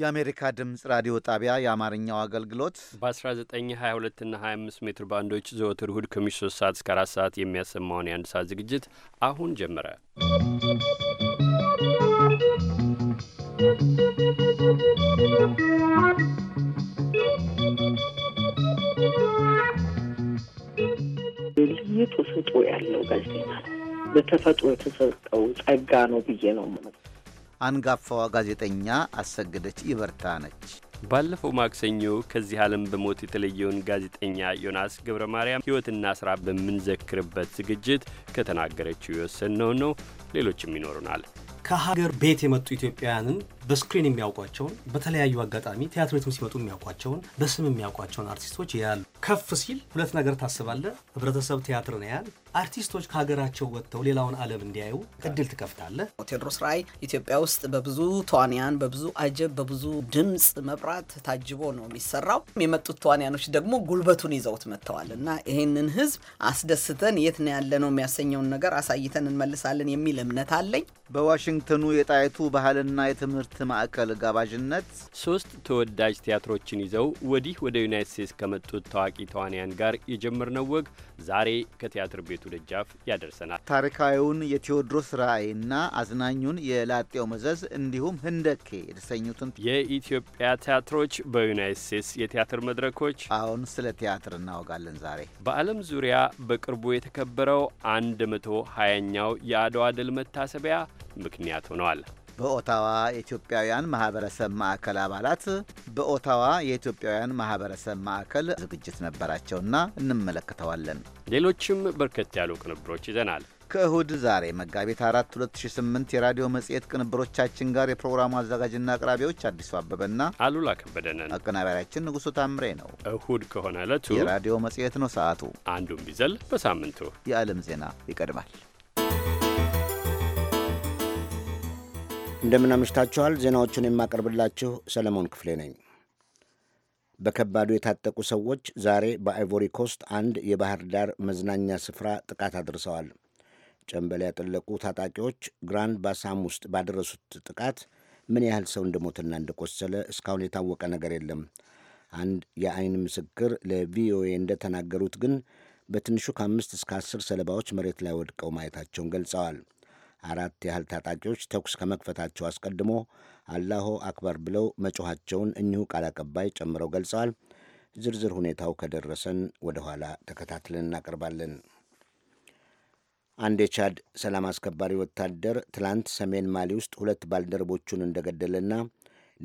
የአሜሪካ ድምፅ ራዲዮ ጣቢያ የአማርኛው አገልግሎት በ1922 እና 25 ሜትር ባንዶች ዘወትር እሁድ ከምሽቱ 3 ሰዓት እስከ 4 ሰዓት የሚያሰማውን የአንድ ሰዓት ዝግጅት አሁን ጀመረ። ልዩ ተሰጥኦ ያለው ጋዜጠኛ ነው። በተፈጥሮ የተሰጠው ጸጋ ነው ብዬ ነው አንጋፋዋ ጋዜጠኛ አሰግደች ይበርታ ነች። ባለፈው ማክሰኞ ከዚህ ዓለም በሞት የተለየውን ጋዜጠኛ ዮናስ ገብረ ማርያም ሕይወትና ሥራ በምንዘክርበት ዝግጅት ከተናገረችው የወሰንነው ነው። ሌሎችም ይኖሩናል። ከሀገር ቤት የመጡ ኢትዮጵያውያንን በስክሪን የሚያውቋቸውን በተለያዩ አጋጣሚ ቲያትር ቤትም ሲመጡ የሚያውቋቸውን በስም የሚያውቋቸውን አርቲስቶች ያሉ ከፍ ሲል ሁለት ነገር ታስባለ። ህብረተሰብ ቲያትር ነው ያል አርቲስቶች ከሀገራቸው ወጥተው ሌላውን ዓለም እንዲያዩ እድል ትከፍታለ። ቴዎድሮስ ራዕይ ኢትዮጵያ ውስጥ በብዙ ተዋንያን፣ በብዙ አጀብ፣ በብዙ ድምፅ መብራት ታጅቦ ነው የሚሰራው። የመጡት ተዋንያኖች ደግሞ ጉልበቱን ይዘውት መጥተዋል እና ይህንን ህዝብ አስደስተን የት ነው ያለ ነው የሚያሰኘውን ነገር አሳይተን እንመልሳለን የሚል እምነት አለኝ። በዋሽንግተኑ የጣይቱ ባህልና የትምህርት ማዕከል ጋባዥነት ሶስት ተወዳጅ ቲያትሮችን ይዘው ወዲህ ወደ ዩናይት ስቴትስ ከመጡት ታዋቂ ተዋንያን ጋር የጀመርነው ወግ ዛሬ ከቲያትር ቤቱ ደጃፍ ያደርሰናል። ታሪካዊውን የቴዎድሮስ ራእይና አዝናኙን የላጤው መዘዝ እንዲሁም ህንደኬ የተሰኙትን የኢትዮጵያ ቲያትሮች በዩናይት ስቴትስ የቲያትር መድረኮች አሁን ስለ ቲያትር እናወጋለን። ዛሬ በዓለም ዙሪያ በቅርቡ የተከበረው አንድ መቶ ሀያኛው የአድዋ ድል መታሰቢያ ምክንያት ሆነዋል። በኦታዋ የኢትዮጵያውያን ማህበረሰብ ማዕከል አባላት በኦታዋ የኢትዮጵያውያን ማህበረሰብ ማዕከል ዝግጅት ነበራቸውና እንመለከተዋለን። ሌሎችም በርከት ያሉ ቅንብሮች ይዘናል። ከእሁድ ዛሬ መጋቢት 4 2008 የራዲዮ መጽሔት ቅንብሮቻችን ጋር የፕሮግራሙ አዘጋጅና አቅራቢዎች አዲሱ አበበና አሉላ ከበደነን፣ አቀናባሪያችን ንጉሱ ታምሬ ነው። እሁድ ከሆነ ዕለቱ የራዲዮ መጽሔት ነው። ሰዓቱ አንዱም ቢዘል በሳምንቱ የዓለም ዜና ይቀድማል። እንደምን አምሽታችኋል። ዜናዎቹን የማቀርብላችሁ ሰለሞን ክፍሌ ነኝ። በከባዱ የታጠቁ ሰዎች ዛሬ በአይቮሪ ኮስት አንድ የባህር ዳር መዝናኛ ስፍራ ጥቃት አድርሰዋል። ጨንበል ያጠለቁ ታጣቂዎች ግራንድ ባሳም ውስጥ ባደረሱት ጥቃት ምን ያህል ሰው እንደሞትና እንደቆሰለ እስካሁን የታወቀ ነገር የለም። አንድ የአይን ምስክር ለቪኦኤ እንደተናገሩት ግን በትንሹ ከአምስት እስከ አስር ሰለባዎች መሬት ላይ ወድቀው ማየታቸውን ገልጸዋል። አራት ያህል ታጣቂዎች ተኩስ ከመክፈታቸው አስቀድሞ አላሆ አክበር ብለው መጮኋቸውን እኚሁ ቃል አቀባይ ጨምረው ገልጸዋል። ዝርዝር ሁኔታው ከደረሰን ወደ ኋላ ተከታትለን እናቀርባለን። አንድ የቻድ ሰላም አስከባሪ ወታደር ትላንት ሰሜን ማሊ ውስጥ ሁለት ባልደረቦቹን እንደገደለና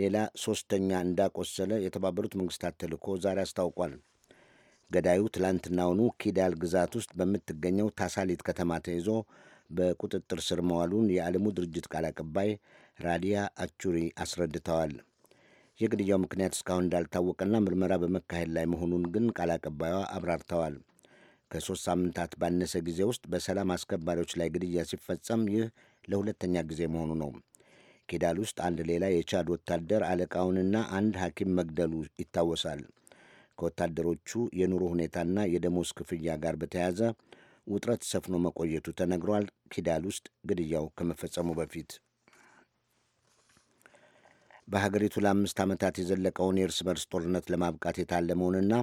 ሌላ ሦስተኛ እንዳቆሰለ የተባበሩት መንግስታት ተልእኮ ዛሬ አስታውቋል። ገዳዩ ትላንትናውኑ ኪዳል ግዛት ውስጥ በምትገኘው ታሳሊት ከተማ ተይዞ በቁጥጥር ስር መዋሉን የዓለሙ ድርጅት ቃል አቀባይ ራዲያ አቹሪ አስረድተዋል። የግድያው ምክንያት እስካሁን እንዳልታወቀና ምርመራ በመካሄድ ላይ መሆኑን ግን ቃል አቀባዩዋ አብራርተዋል። ከሦስት ሳምንታት ባነሰ ጊዜ ውስጥ በሰላም አስከባሪዎች ላይ ግድያ ሲፈጸም ይህ ለሁለተኛ ጊዜ መሆኑ ነው። ኪዳል ውስጥ አንድ ሌላ የቻድ ወታደር አለቃውንና አንድ ሐኪም መግደሉ ይታወሳል። ከወታደሮቹ የኑሮ ሁኔታና የደሞዝ ክፍያ ጋር በተያያዘ ውጥረት ሰፍኖ መቆየቱ ተነግሯል። ኪዳል ውስጥ ግድያው ከመፈጸሙ በፊት በሀገሪቱ ለአምስት ዓመታት የዘለቀውን የእርስ በርስ ጦርነት ለማብቃት የታለመውንና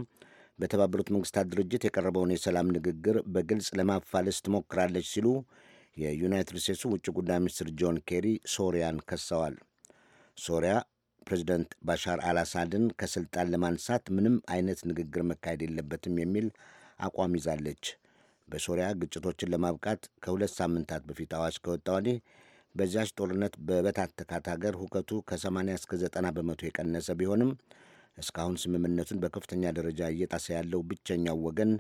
በተባበሩት መንግስታት ድርጅት የቀረበውን የሰላም ንግግር በግልጽ ለማፋለስ ትሞክራለች ሲሉ የዩናይትድ ስቴትሱ ውጭ ጉዳይ ሚኒስትር ጆን ኬሪ ሶሪያን ከሰዋል። ሶሪያ ፕሬዚደንት ባሻር አልአሳድን ከስልጣን ለማንሳት ምንም አይነት ንግግር መካሄድ የለበትም የሚል አቋም ይዛለች። በሶሪያ ግጭቶችን ለማብቃት ከሁለት ሳምንታት በፊት አዋጅ ከወጣ ወዲህ በዚያች ጦርነት በበታተካት ሀገር ሁከቱ ከ80 እስከ 90 በመቶ የቀነሰ ቢሆንም እስካሁን ስምምነቱን በከፍተኛ ደረጃ እየጣሰ ያለው ብቸኛው ወገን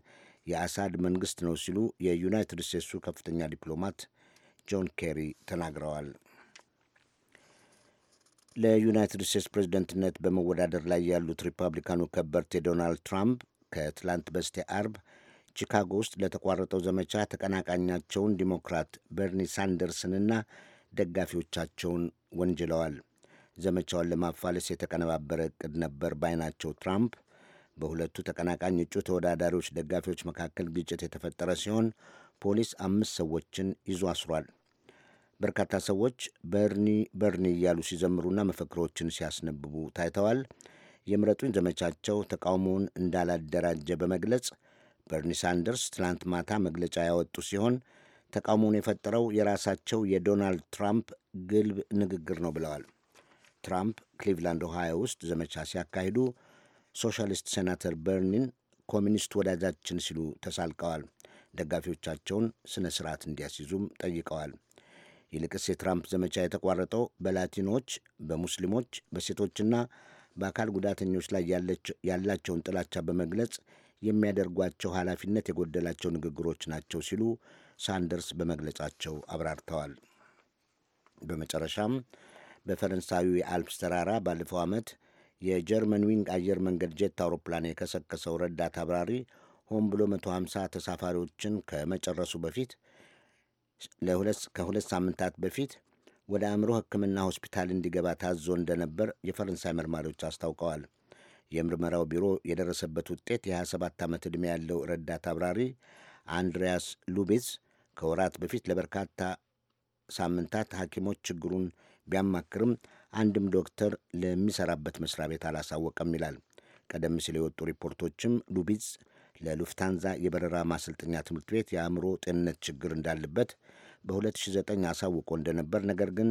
የአሳድ መንግስት ነው ሲሉ የዩናይትድ ስቴትሱ ከፍተኛ ዲፕሎማት ጆን ኬሪ ተናግረዋል። ለዩናይትድ ስቴትስ ፕሬዝደንትነት በመወዳደር ላይ ያሉት ሪፐብሊካኑ ከበርቴ ዶናልድ ትራምፕ ከትላንት በስቴ አርብ ቺካጎ ውስጥ ለተቋረጠው ዘመቻ ተቀናቃኛቸውን ዲሞክራት በርኒ ሳንደርስንና ደጋፊዎቻቸውን ወንጅለዋል። ዘመቻውን ለማፋለስ የተቀነባበረ እቅድ ነበር ባይናቸው ትራምፕ በሁለቱ ተቀናቃኝ እጩ ተወዳዳሪዎች ደጋፊዎች መካከል ግጭት የተፈጠረ ሲሆን ፖሊስ አምስት ሰዎችን ይዞ አስሯል። በርካታ ሰዎች በርኒ በርኒ እያሉ ሲዘምሩና መፈክሮችን ሲያስነብቡ ታይተዋል። የምረጡኝ ዘመቻቸው ተቃውሞውን እንዳላደራጀ በመግለጽ በርኒ ሳንደርስ ትናንት ማታ መግለጫ ያወጡ ሲሆን ተቃውሞውን የፈጠረው የራሳቸው የዶናልድ ትራምፕ ግልብ ንግግር ነው ብለዋል። ትራምፕ ክሊቭላንድ ኦሃዮ ውስጥ ዘመቻ ሲያካሂዱ ሶሻሊስት ሴናተር በርኒን ኮሚኒስት ወዳጃችን ሲሉ ተሳልቀዋል። ደጋፊዎቻቸውን ስነ ስርዓት እንዲያስይዙም ጠይቀዋል። ይልቅስ የትራምፕ ዘመቻ የተቋረጠው በላቲኖች፣ በሙስሊሞች፣ በሴቶችና በአካል ጉዳተኞች ላይ ያላቸውን ጥላቻ በመግለጽ የሚያደርጓቸው ኃላፊነት የጎደላቸው ንግግሮች ናቸው ሲሉ ሳንደርስ በመግለጫቸው አብራርተዋል። በመጨረሻም በፈረንሳዩ የአልፕስ ተራራ ባለፈው ዓመት የጀርመን ዊንግ አየር መንገድ ጄት አውሮፕላን የከሰከሰው ረዳት አብራሪ ሆን ብሎ 150 ተሳፋሪዎችን ከመጨረሱ በፊት ከሁለት ሳምንታት በፊት ወደ አእምሮ ሕክምና ሆስፒታል እንዲገባ ታዞ እንደነበር የፈረንሳይ መርማሪዎች አስታውቀዋል። የምርመራው ቢሮ የደረሰበት ውጤት የ27 ዓመት ዕድሜ ያለው ረዳት አብራሪ አንድሪያስ ሉቤዝ ከወራት በፊት ለበርካታ ሳምንታት ሐኪሞች ችግሩን ቢያማክርም አንድም ዶክተር ለሚሰራበት መስሪያ ቤት አላሳወቀም ይላል። ቀደም ሲል የወጡ ሪፖርቶችም ሉቢዝ ለሉፍታንዛ የበረራ ማሰልጠኛ ትምህርት ቤት የአእምሮ ጤንነት ችግር እንዳለበት በ2009 አሳውቆ እንደነበር፣ ነገር ግን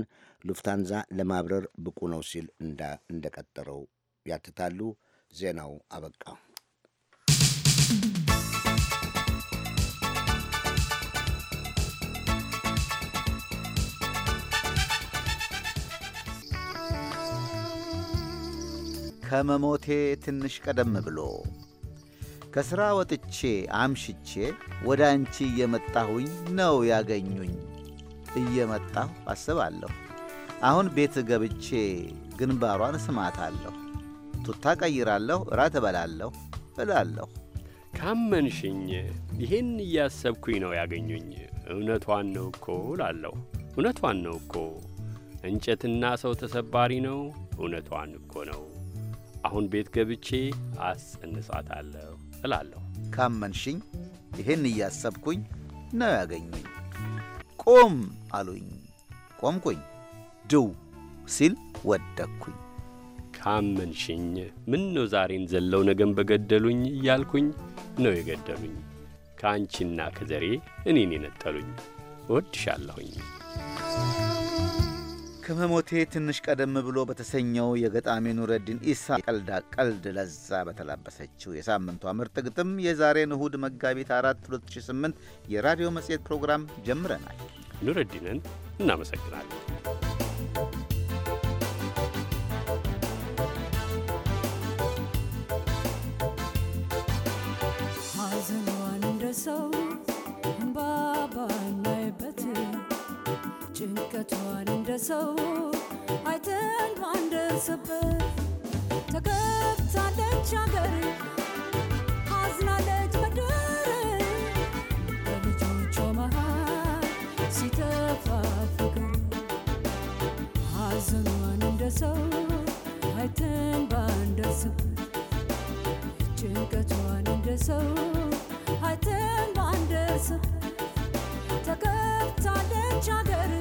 ሉፍታንዛ ለማብረር ብቁ ነው ሲል እንደቀጠረው ያትታሉ። ዜናው አበቃ። ከመሞቴ ትንሽ ቀደም ብሎ ከሥራ ወጥቼ አምሽቼ ወደ አንቺ እየመጣሁኝ ነው ያገኙኝ። እየመጣሁ አስባለሁ። አሁን ቤት ገብቼ ግንባሯን ስማታለሁ። ቱታ ቀይራለሁ፣ እራት እበላለሁ እላለሁ። ካመንሽኝ ይህን እያሰብኩኝ ነው ያገኙኝ። እውነቷን ነው እኮ እላለሁ። እውነቷን ነው እኮ እንጨትና ሰው ተሰባሪ ነው። እውነቷን እኮ ነው። አሁን ቤት ገብቼ አስጸንሳታለሁ እላለሁ። ካመንሽኝ ይህን እያሰብኩኝ ነው ያገኙኝ። ቆም አሉኝ። ቆምኩኝ። ድው ሲል ወደግኩኝ። አመንሽኝ፣ ነው ዛሬን ዘለው ነገን በገደሉኝ እያልኩኝ ነው የገደሉኝ። ከአንቺና ከዘሬ እኔን የነጠሉኝ እወድሻለሁኝ። ከመሞቴ ትንሽ ቀደም ብሎ በተሰኘው የገጣሚ ኑረዲን ኢሳ ቀልዳ ቀልድ ለዛ በተላበሰችው የሳምንቷ ምርጥ ግጥም የዛሬን እሁድ መጋቢት 4 2008 የራዲዮ መጽሔት ፕሮግራም ጀምረናል። ኑረዲንን እናመሰግናለን። ጭንቀቷን እንደ ሰው አይተን ማንደርስበት ተከብታለች አገር አዝናለች ምድር በልጆቿ መሃል ሲጠፋ ፍቅር ሀዘኗን እንደ ሰው አይተን ባንደርስበት ጭንቀቷን እንደ ሰው አይተን ባንደርስበት ተከብታለች ሀገር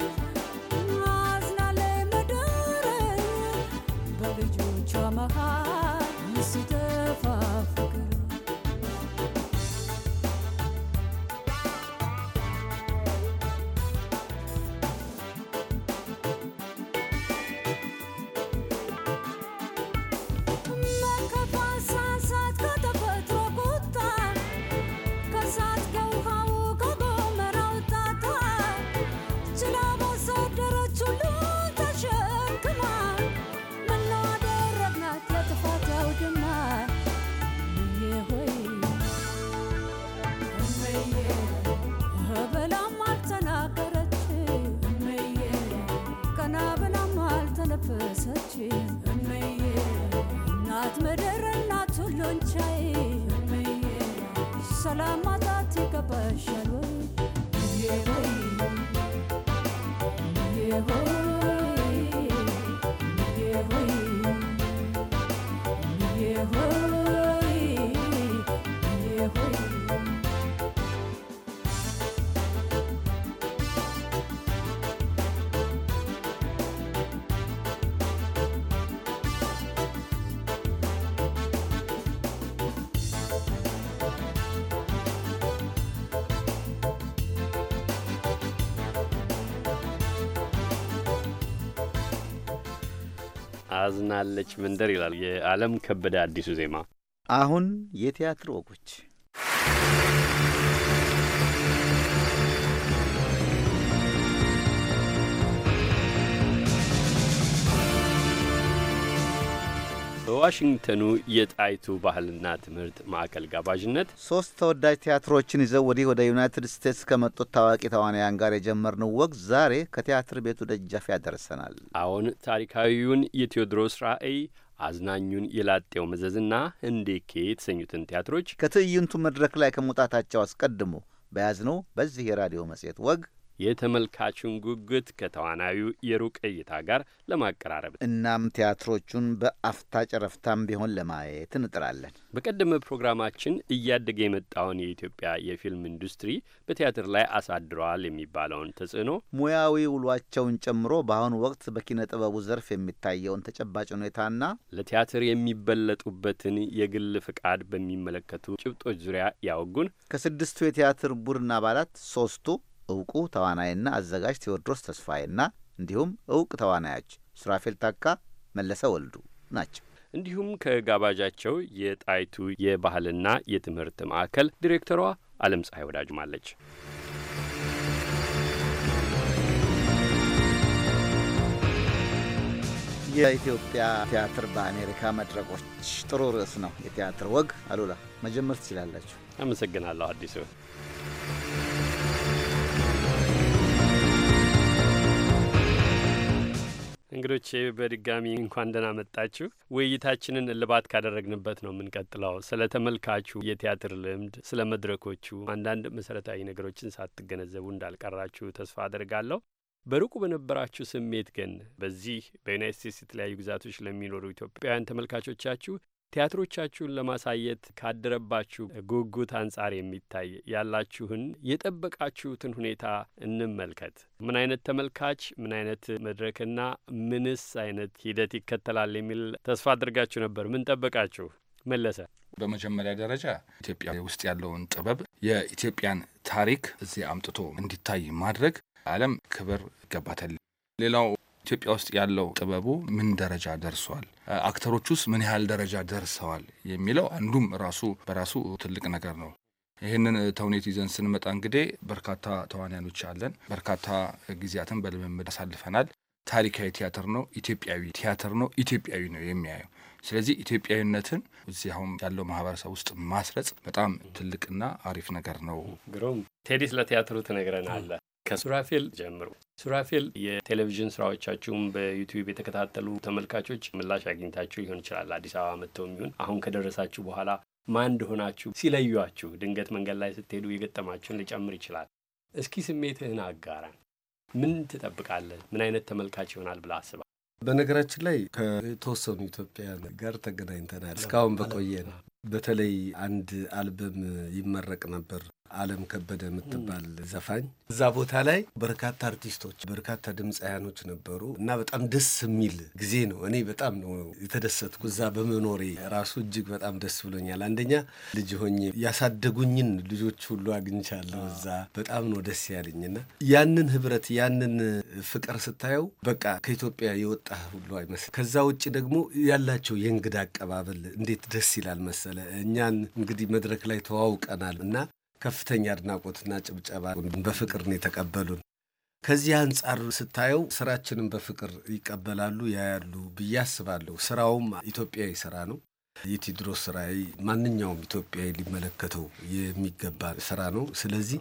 ታዝናለች መንደር ይላል የዓለም ከበደ አዲሱ ዜማ። አሁን የቲያትር ወጎች በዋሽንግተኑ የጣይቱ ባህልና ትምህርት ማዕከል ጋባዥነት ሶስት ተወዳጅ ቲያትሮችን ይዘው ወዲህ ወደ ዩናይትድ ስቴትስ ከመጡት ታዋቂ ተዋናያን ጋር የጀመርነው ወግ ዛሬ ከቲያትር ቤቱ ደጃፍ ያደርሰናል። አሁን ታሪካዊውን የቴዎድሮስ ራዕይ አዝናኙን የላጤው መዘዝና እንዴኬ የተሰኙትን ቲያትሮች ከትዕይንቱ መድረክ ላይ ከመውጣታቸው አስቀድሞ በያዝነው በዚህ የራዲዮ መጽሔት ወግ የተመልካቹን ጉጉት ከተዋናዩ የሩቅ እይታ ጋር ለማቀራረብ እናም ቲያትሮቹን በአፍታ ጨረፍታም ቢሆን ለማየት እንጥራለን። በቀደመ ፕሮግራማችን እያደገ የመጣውን የኢትዮጵያ የፊልም ኢንዱስትሪ በቲያትር ላይ አሳድረዋል የሚባለውን ተጽዕኖ ሙያዊ ውሏቸውን ጨምሮ በአሁኑ ወቅት በኪነ ጥበቡ ዘርፍ የሚታየውን ተጨባጭ ሁኔታና ለቲያትር የሚበለጡበትን የግል ፍቃድ በሚመለከቱ ጭብጦች ዙሪያ ያወጉን ከስድስቱ የቲያትር ቡድን አባላት ሶስቱ እውቁ ተዋናይና አዘጋጅ ቴዎድሮስ ተስፋዬና እንዲሁም እውቅ ተዋናዮች ሱራፌል ታካ፣ መለሰ ወልዱ ናቸው። እንዲሁም ከጋባዣቸው የጣይቱ የባህልና የትምህርት ማዕከል ዲሬክተሯ አለም ፀሐይ ወዳጅም አለች። የኢትዮጵያ ቲያትር በአሜሪካ መድረኮች ጥሩ ርዕስ ነው። የቲያትር ወግ አሉላ መጀመር ትችላላችሁ። አመሰግናለሁ አዲሱ እንግዶቼ በድጋሚ እንኳን ደህና መጣችሁ። ውይይታችንን እልባት ካደረግንበት ነው የምንቀጥለው። ስለ ተመልካቹ የቲያትር ልምድ፣ ስለ መድረኮቹ አንዳንድ መሰረታዊ ነገሮችን ሳትገነዘቡ እንዳልቀራችሁ ተስፋ አድርጋለሁ። በሩቁ በነበራችሁ ስሜት ግን በዚህ በዩናይት ስቴትስ የተለያዩ ግዛቶች ለሚኖሩ ኢትዮጵያውያን ተመልካቾቻችሁ ቲያትሮቻችሁን ለማሳየት ካደረባችሁ ጉጉት አንጻር የሚታይ ያላችሁን የጠበቃችሁትን ሁኔታ እንመልከት። ምን አይነት ተመልካች፣ ምን አይነት መድረክና ምንስ አይነት ሂደት ይከተላል የሚል ተስፋ አድርጋችሁ ነበር። ምን ጠበቃችሁ? መለሰ፣ በመጀመሪያ ደረጃ ኢትዮጵያ ውስጥ ያለውን ጥበብ፣ የኢትዮጵያን ታሪክ እዚህ አምጥቶ እንዲታይ ማድረግ ዓለም ክብር ይገባታል። ሌላው ኢትዮጵያ ውስጥ ያለው ጥበቡ ምን ደረጃ ደርሷል፣ አክተሮች ውስጥ ምን ያህል ደረጃ ደርሰዋል የሚለው አንዱም ራሱ በራሱ ትልቅ ነገር ነው። ይህንን ተውኔት ይዘን ስንመጣ እንግዲህ በርካታ ተዋንያኖች አለን። በርካታ ጊዜያትን በልምምድ አሳልፈናል። ታሪካዊ ቲያትር ነው። ኢትዮጵያዊ ቲያትር ነው። ኢትዮጵያዊ ነው የሚያየው። ስለዚህ ኢትዮጵያዊነትን እዚህ አሁን ያለው ማህበረሰብ ውስጥ ማስረጽ በጣም ትልቅና አሪፍ ነገር ነው። ግሩም ቴዲ፣ ስለ ቲያትሩ ትነግረናለህ። ከሱራፌል ጀምሩ። ሱራፌል፣ የቴሌቪዥን ስራዎቻችሁም በዩቲዩብ የተከታተሉ ተመልካቾች ምላሽ አግኝታችሁ ሊሆን ይችላል። አዲስ አበባ መጥተው የሚሆን አሁን ከደረሳችሁ በኋላ ማን እንደሆናችሁ ሲለዩችሁ ድንገት መንገድ ላይ ስትሄዱ የገጠማችሁን ሊጨምር ይችላል። እስኪ ስሜትህን አጋራን። ምን ትጠብቃለህ? ምን አይነት ተመልካች ይሆናል ብለህ አስባል? በነገራችን ላይ ከተወሰኑ ኢትዮጵያውያን ጋር ተገናኝተናል። እስካሁን በቆየ ነው። በተለይ አንድ አልበም ይመረቅ ነበር አለም ከበደ የምትባል ዘፋኝ እዛ ቦታ ላይ በርካታ አርቲስቶች በርካታ ድምፃያኖች ነበሩ እና በጣም ደስ የሚል ጊዜ ነው። እኔ በጣም ነው የተደሰትኩ እዛ በመኖሬ ራሱ እጅግ በጣም ደስ ብሎኛል። አንደኛ ልጅ ሆኜ ያሳደጉኝን ልጆች ሁሉ አግኝቻለሁ እዛ። በጣም ነው ደስ ያለኝና ያንን ህብረት ያንን ፍቅር ስታየው በቃ ከኢትዮጵያ የወጣ ሁሉ አይመስል። ከዛ ውጭ ደግሞ ያላቸው የእንግዳ አቀባበል እንዴት ደስ ይላል መሰለ። እኛን እንግዲህ መድረክ ላይ ተዋውቀናል እና ከፍተኛ አድናቆትና ጭብጨባ በፍቅር ነው የተቀበሉን። ከዚህ አንጻር ስታየው ስራችንን በፍቅር ይቀበላሉ ያያሉ ብዬ አስባለሁ። ስራውም ኢትዮጵያዊ ስራ ነው። የቴዎድሮስ ስራ ማንኛውም ኢትዮጵያዊ ሊመለከተው የሚገባ ስራ ነው። ስለዚህ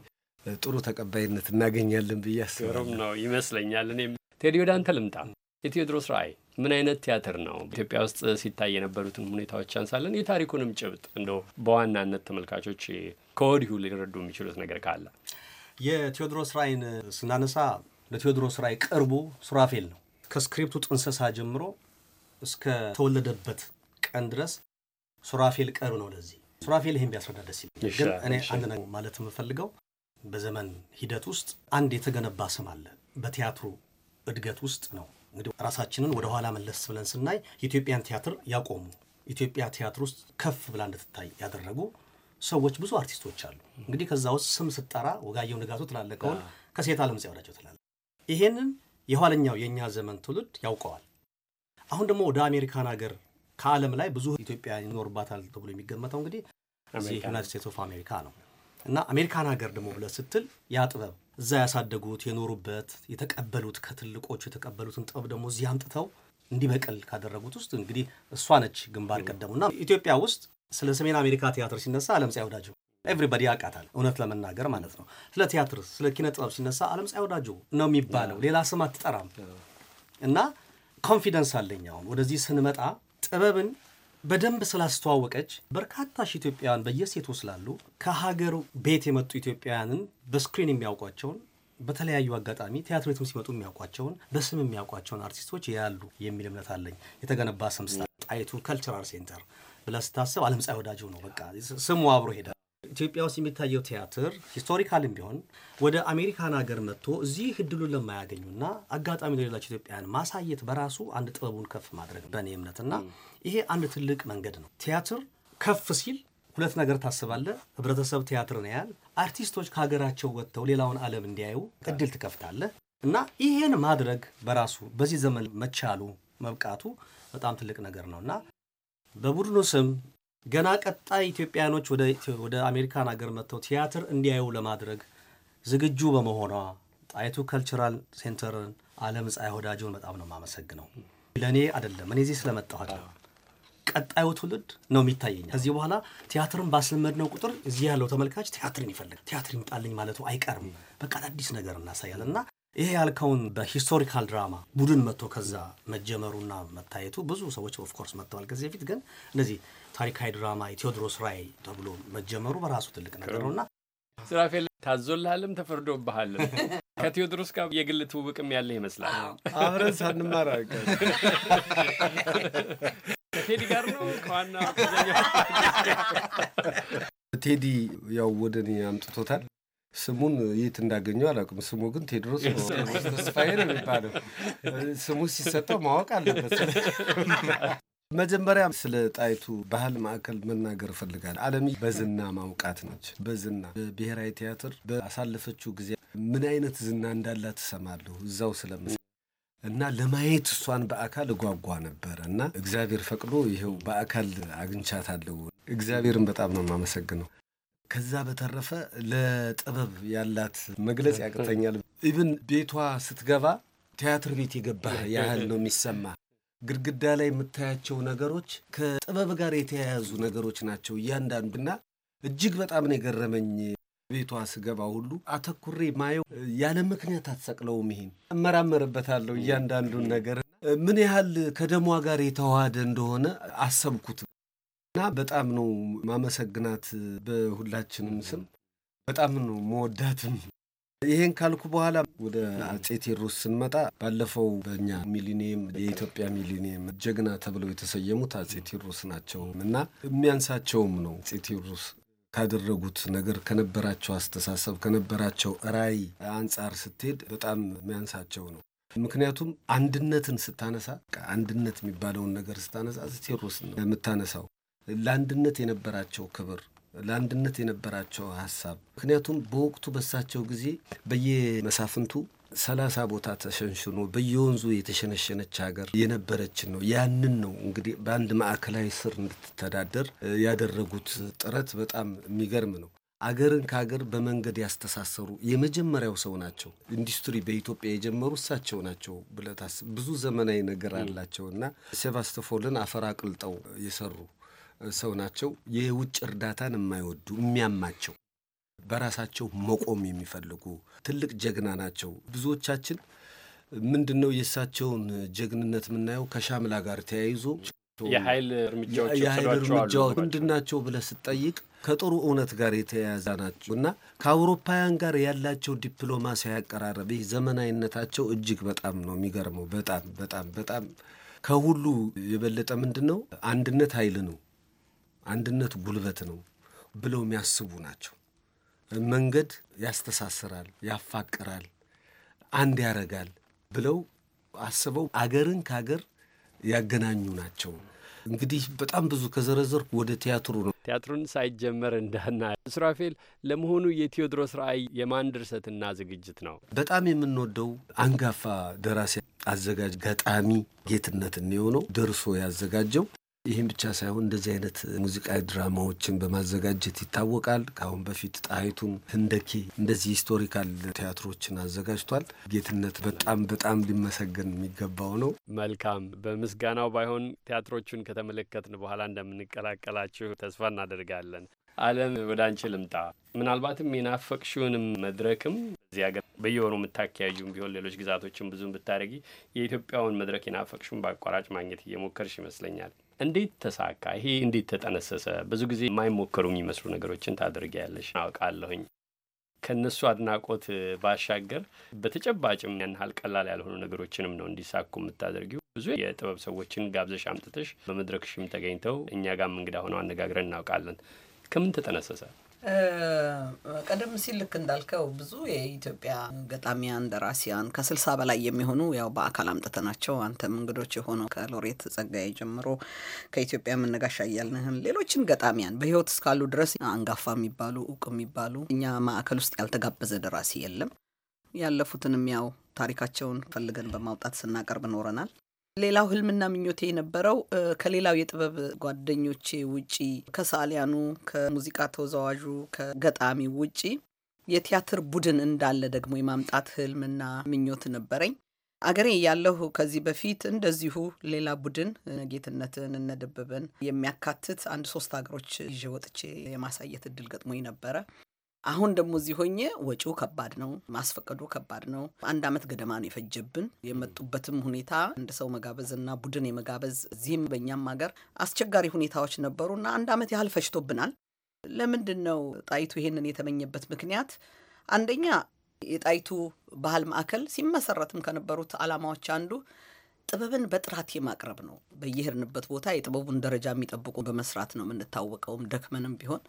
ጥሩ ተቀባይነት እናገኛለን ብዬ አስባለሁ ነው ይመስለኛል። እኔም ቴዲ ወደ አንተ ልምጣ። የቴዎድሮስ ራእይ ምን አይነት ቲያትር ነው? ኢትዮጵያ ውስጥ ሲታይ የነበሩትን ሁኔታዎች አንሳለን። የታሪኩንም ጭብጥ እንደው በዋናነት ተመልካቾች ከወዲሁ ሊረዱ የሚችሉት ነገር ካለ የቴዎድሮስ ራእይን ስናነሳ ለቴዎድሮስ ራእይ ቅርቡ ሱራፌል ነው። ከስክሪፕቱ ጥንሰሳ ጀምሮ እስከ ተወለደበት ቀን ድረስ ሱራፌል ቅርብ ነው። ለዚህ ሱራፌል ይህን ቢያስረዳ ደስ ይላል። ግን እኔ አንድ ነገር ማለት የምፈልገው በዘመን ሂደት ውስጥ አንድ የተገነባ ስም አለ በቲያትሩ እድገት ውስጥ ነው። እንግዲህ ራሳችንን ወደኋላ መለስ ብለን ስናይ የኢትዮጵያን ቲያትር ያቆሙ ኢትዮጵያ ቲያትር ውስጥ ከፍ ብላ እንድትታይ ያደረጉ ሰዎች ብዙ አርቲስቶች አሉ። እንግዲህ ከዛ ውስጥ ስም ስጠራ ወጋየሁ ንጋቱ ትላለቀውን ከሴት አለም ዚያ ወዳቸው ትላለ። ይሄንን የኋለኛው የእኛ ዘመን ትውልድ ያውቀዋል። አሁን ደግሞ ወደ አሜሪካን ሀገር ከዓለም ላይ ብዙ ኢትዮጵያ ይኖርባታል ተብሎ የሚገመተው እንግዲህ ዩናይትድ ስቴትስ ኦፍ አሜሪካ ነው እና አሜሪካን ሀገር ደግሞ ብለህ ስትል ያ ጥበብ እዛ ያሳደጉት የኖሩበት የተቀበሉት ከትልቆቹ የተቀበሉትን ጥበብ ደግሞ እዚህ አምጥተው እንዲበቅል ካደረጉት ውስጥ እንግዲህ እሷ ነች ግንባር ቀደሙና ኢትዮጵያ ውስጥ ስለ ሰሜን አሜሪካ ቲያትር ሲነሳ አለም ፀሐይ ወዳጆ ኤቭሪባዲ ያውቃታል፣ እውነት ለመናገር ማለት ነው። ስለ ቲያትር ስለ ኪነ ጥበብ ሲነሳ ዓለም ወዳጆ ነው የሚባለው፣ ሌላ ስም አትጠራም። እና ኮንፊደንስ አለኝ አሁን ወደዚህ ስንመጣ ጥበብን በደንብ ስላስተዋወቀች በርካታ ሺ ኢትዮጵያውያን በየሴቱ ስላሉ ከሀገር ቤት የመጡ ኢትዮጵያውያንን በስክሪን የሚያውቋቸውን በተለያዩ አጋጣሚ ቲያትር ቤትም ሲመጡ የሚያውቋቸውን በስም የሚያውቋቸውን አርቲስቶች ያሉ የሚል እምነት አለኝ። የተገነባ ስም ስታ ጣይቱ ከልቸራል ሴንተር ብለህ ስታስብ አለም ወዳጆ ነው። በቃ ስሙ አብሮ ሄደ። ኢትዮጵያ ውስጥ የሚታየው ቲያትር ሂስቶሪካልም ቢሆን ወደ አሜሪካን ሀገር መጥቶ እዚህ እድሉን ለማያገኙና አጋጣሚ ለሌላቸው ኢትዮጵያውያን ማሳየት በራሱ አንድ ጥበቡን ከፍ ማድረግ በእኔ እምነትና ይሄ አንድ ትልቅ መንገድ ነው። ቲያትር ከፍ ሲል ሁለት ነገር ታስባለ። ህብረተሰብ ቲያትርን ያያል። አርቲስቶች ከሀገራቸው ወጥተው ሌላውን ዓለም እንዲያዩ እድል ትከፍታለ እና ይሄን ማድረግ በራሱ በዚህ ዘመን መቻሉ መብቃቱ በጣም ትልቅ ነገር ነው እና በቡድኑ ስም ገና ቀጣይ ኢትዮጵያኖች ወደ አሜሪካን ሀገር መጥተው ቲያትር እንዲያዩ ለማድረግ ዝግጁ በመሆኗ ጣይቱ ካልቸራል ሴንተርን አለም ፀሐይ ወዳጆን በጣም ነው የማመሰግነው። ለእኔ አይደለም እኔ እዚህ ስለመጣኋ ቀጣዩ ትውልድ ነው የሚታየኝ። ከዚህ በኋላ ቲያትርን ባስለመድነው ቁጥር እዚህ ያለው ተመልካች ቲያትርን ይፈልግ ቲያትር ይምጣልኝ ማለቱ አይቀርም። በቃ አዲስ ነገር እናሳያለን እና ይሄ ያልከውን በሂስቶሪካል ድራማ ቡድን መጥቶ ከዛ መጀመሩና መታየቱ ብዙ ሰዎች ኦፍኮርስ መጥተዋል ከዚህ በፊት ግን እንደዚህ ታሪካዊ ድራማ የቴዎድሮስ ራዕይ ተብሎ መጀመሩ በራሱ ትልቅ ነገር ነውና ስራፌል ታዞልሃልም ተፈርዶብሃልም። ከቴዎድሮስ ጋር የግል ትውውቅም ያለ ይመስላል። አብረን ሳንማር ከቴዲ ጋር ነው ከዋና ቴዲ ያው ወደ እኔ አምጥቶታል። ስሙን የት እንዳገኘው አላውቅም። ስሙ ግን ቴድሮስ ተስፋዬ ነው የሚባለው። ስሙ ሲሰጠው ማወቅ አለበት። መጀመሪያ ስለ ጣይቱ ባህል ማዕከል መናገር እፈልጋለሁ። አለሚ በዝና ማውቃት ነች። በዝና በብሔራዊ ቲያትር በአሳለፈችው ጊዜ ምን አይነት ዝና እንዳላት ትሰማለሁ እዛው ስለምስ እና ለማየት እሷን በአካል እጓጓ ነበረ እና እግዚአብሔር ፈቅዶ ይኸው በአካል አግኝቻታለሁ። እግዚአብሔርን በጣም ነው የማመሰግነው። ከዛ በተረፈ ለጥበብ ያላት መግለጽ ያቅተኛል። ኢብን ቤቷ ስትገባ ቲያትር ቤት የገባ ያህል ነው የሚሰማ ግድግዳ ላይ የምታያቸው ነገሮች ከጥበብ ጋር የተያያዙ ነገሮች ናቸው እያንዳንዱና እጅግ በጣም ነው የገረመኝ። ቤቷ ስገባ ሁሉ አተኩሬ ማየው ያለ ምክንያት አትሰቅለውም። ይሄን እመራመርበታለሁ እያንዳንዱን ነገር ምን ያህል ከደሟ ጋር የተዋሃደ እንደሆነ አሰብኩት እና በጣም ነው ማመሰግናት በሁላችንም ስም በጣም ነው መወዳትም ይሄን ካልኩ በኋላ ወደ አጼ ቴዎድሮስ ስንመጣ ባለፈው በእኛ ሚሊኒየም የኢትዮጵያ ሚሊኒየም ጀግና ተብለው የተሰየሙት አጼ ቴዎድሮስ ናቸው እና የሚያንሳቸውም ነው አጼ ቴዎድሮስ ካደረጉት ነገር ከነበራቸው አስተሳሰብ ከነበራቸው ራዕይ አንጻር ስትሄድ በጣም የሚያንሳቸው ነው። ምክንያቱም አንድነትን ስታነሳ አንድነት የሚባለውን ነገር ስታነሳ ቴዎድሮስን ነው የምታነሳው። ለአንድነት የነበራቸው ክብር ለአንድነት የነበራቸው ሀሳብ ምክንያቱም በወቅቱ በሳቸው ጊዜ በየመሳፍንቱ ሰላሳ ቦታ ተሸንሽኖ በየወንዙ የተሸነሸነች ሀገር የነበረችን ነው። ያንን ነው እንግዲህ በአንድ ማዕከላዊ ስር እንድትተዳደር ያደረጉት ጥረት በጣም የሚገርም ነው። አገርን ከሀገር በመንገድ ያስተሳሰሩ የመጀመሪያው ሰው ናቸው። ኢንዱስትሪ በኢትዮጵያ የጀመሩ እሳቸው ናቸው ብለታስ ብዙ ዘመናዊ ነገር አላቸው እና ሴቫስቶፖልን አፈር አቅልጠው የሰሩ ሰው ናቸው። የውጭ እርዳታን የማይወዱ የሚያማቸው፣ በራሳቸው መቆም የሚፈልጉ ትልቅ ጀግና ናቸው። ብዙዎቻችን ምንድን ነው የእሳቸውን ጀግንነት የምናየው ከሻምላ ጋር ተያይዞ የኃይል እርምጃዎች ናቸው ብለህ ስጠይቅ ከጥሩ እውነት ጋር የተያያዘ ናቸው እና ከአውሮፓውያን ጋር ያላቸው ዲፕሎማሲያዊ አቀራረብ ይህ ዘመናዊነታቸው እጅግ በጣም ነው የሚገርመው። በጣም በጣም በጣም ከሁሉ የበለጠ ምንድን ነው አንድነት ኃይል ነው። አንድነት ጉልበት ነው ብለው የሚያስቡ ናቸው። መንገድ ያስተሳስራል፣ ያፋቅራል፣ አንድ ያረጋል ብለው አስበው አገርን ከአገር ያገናኙ ናቸው። እንግዲህ በጣም ብዙ ከዘረዘር ወደ ቲያትሩ ነው። ቲያትሩን ሳይጀመር እንዳና ሱራፌል፣ ለመሆኑ የቴዎድሮስ ራእይ የማን ድርሰትና ዝግጅት ነው? በጣም የምንወደው አንጋፋ ደራሲ፣ አዘጋጅ፣ ገጣሚ ጌትነት የሆነው ደርሶ ያዘጋጀው ይህም ብቻ ሳይሆን እንደዚህ አይነት ሙዚቃዊ ድራማዎችን በማዘጋጀት ይታወቃል። ከአሁን በፊት ጣይቱን፣ ህንደኬ እንደዚህ ሂስቶሪካል ቲያትሮችን አዘጋጅቷል። ጌትነት በጣም በጣም ሊመሰገን የሚገባው ነው። መልካም በምስጋናው ባይሆን ቲያትሮቹን ከተመለከትን በኋላ እንደምንቀላቀላችሁ ተስፋ እናደርጋለን። አለም ወደ አንቺ ልምጣ። ምናልባትም የናፈቅሽውንም መድረክም እዚህ ሀገር በየወሩ የምታካያዩም ቢሆን ሌሎች ግዛቶችን ብዙም ብታደረጊ የኢትዮጵያውን መድረክ የናፈቅሽውን በአቋራጭ ማግኘት እየሞከርሽ ይመስለኛል። እንዴት ተሳካ? ይሄ እንዴት ተጠነሰሰ? ብዙ ጊዜ የማይሞከሩ የሚመስሉ ነገሮችን ያለሽ አውቃለሁኝ። ከእነሱ አድናቆት ባሻገር በተጨባጭም ያን ያህል ቀላል ያልሆኑ ነገሮችንም ነው እንዲሳኩ የምታደርጊው። ብዙ የጥበብ ሰዎችን ጋብዘሽ አምጥተሽ በመድረክሽም ተገኝተው እኛ ጋም እንግዳ ሆነው አነጋግረን እናውቃለን። ከምን ተጠነሰሰ? ቀደም ሲል ልክ እንዳልከው ብዙ የኢትዮጵያ ገጣሚያን ደራሲያን ከስልሳ በላይ የሚሆኑ ያው በአካል አምጥተናቸው አንተም እንግዶች የሆነው ከሎሬት ጸጋዬ ጀምሮ ከኢትዮጵያ መነጋሻ እያልንህን ሌሎችን ገጣሚያን በህይወት እስካሉ ድረስ አንጋፋ የሚባሉ እውቅ የሚባሉ እኛ ማዕከል ውስጥ ያልተጋበዘ ደራሲ የለም። ያለፉትንም ያው ታሪካቸውን ፈልገን በማውጣት ስናቀርብ ኖረናል። ሌላው ህልምና ምኞቴ የነበረው ከሌላው የጥበብ ጓደኞቼ ውጪ ከሰዓሊያኑ፣ ከሙዚቃ ተወዛዋዡ፣ ከገጣሚው ውጪ የቲያትር ቡድን እንዳለ ደግሞ የማምጣት ህልምና ምኞት ነበረኝ። አገሬ ያለሁ ከዚህ በፊት እንደዚሁ ሌላ ቡድን ጌትነትን እነደበበን የሚያካትት አንድ ሶስት ሀገሮች ይዤ ወጥቼ የማሳየት እድል ገጥሞኝ ነበረ። አሁን ደግሞ እዚህ ሆኜ ወጪው ከባድ ነው፣ ማስፈቀዱ ከባድ ነው። አንድ አመት ገደማ ነው የፈጀብን። የመጡበትም ሁኔታ አንድ ሰው መጋበዝና ቡድን የመጋበዝ እዚህም በእኛም ሀገር አስቸጋሪ ሁኔታዎች ነበሩ እና አንድ አመት ያህል ፈጅቶብናል። ለምንድን ነው ጣይቱ ይሄንን የተመኘበት ምክንያት? አንደኛ የጣይቱ ባህል ማዕከል ሲመሰረትም ከነበሩት አላማዎች አንዱ ጥበብን በጥራት የማቅረብ ነው። በየሄድንበት ቦታ የጥበቡን ደረጃ የሚጠብቁ በመስራት ነው የምንታወቀውም ደክመንም ቢሆን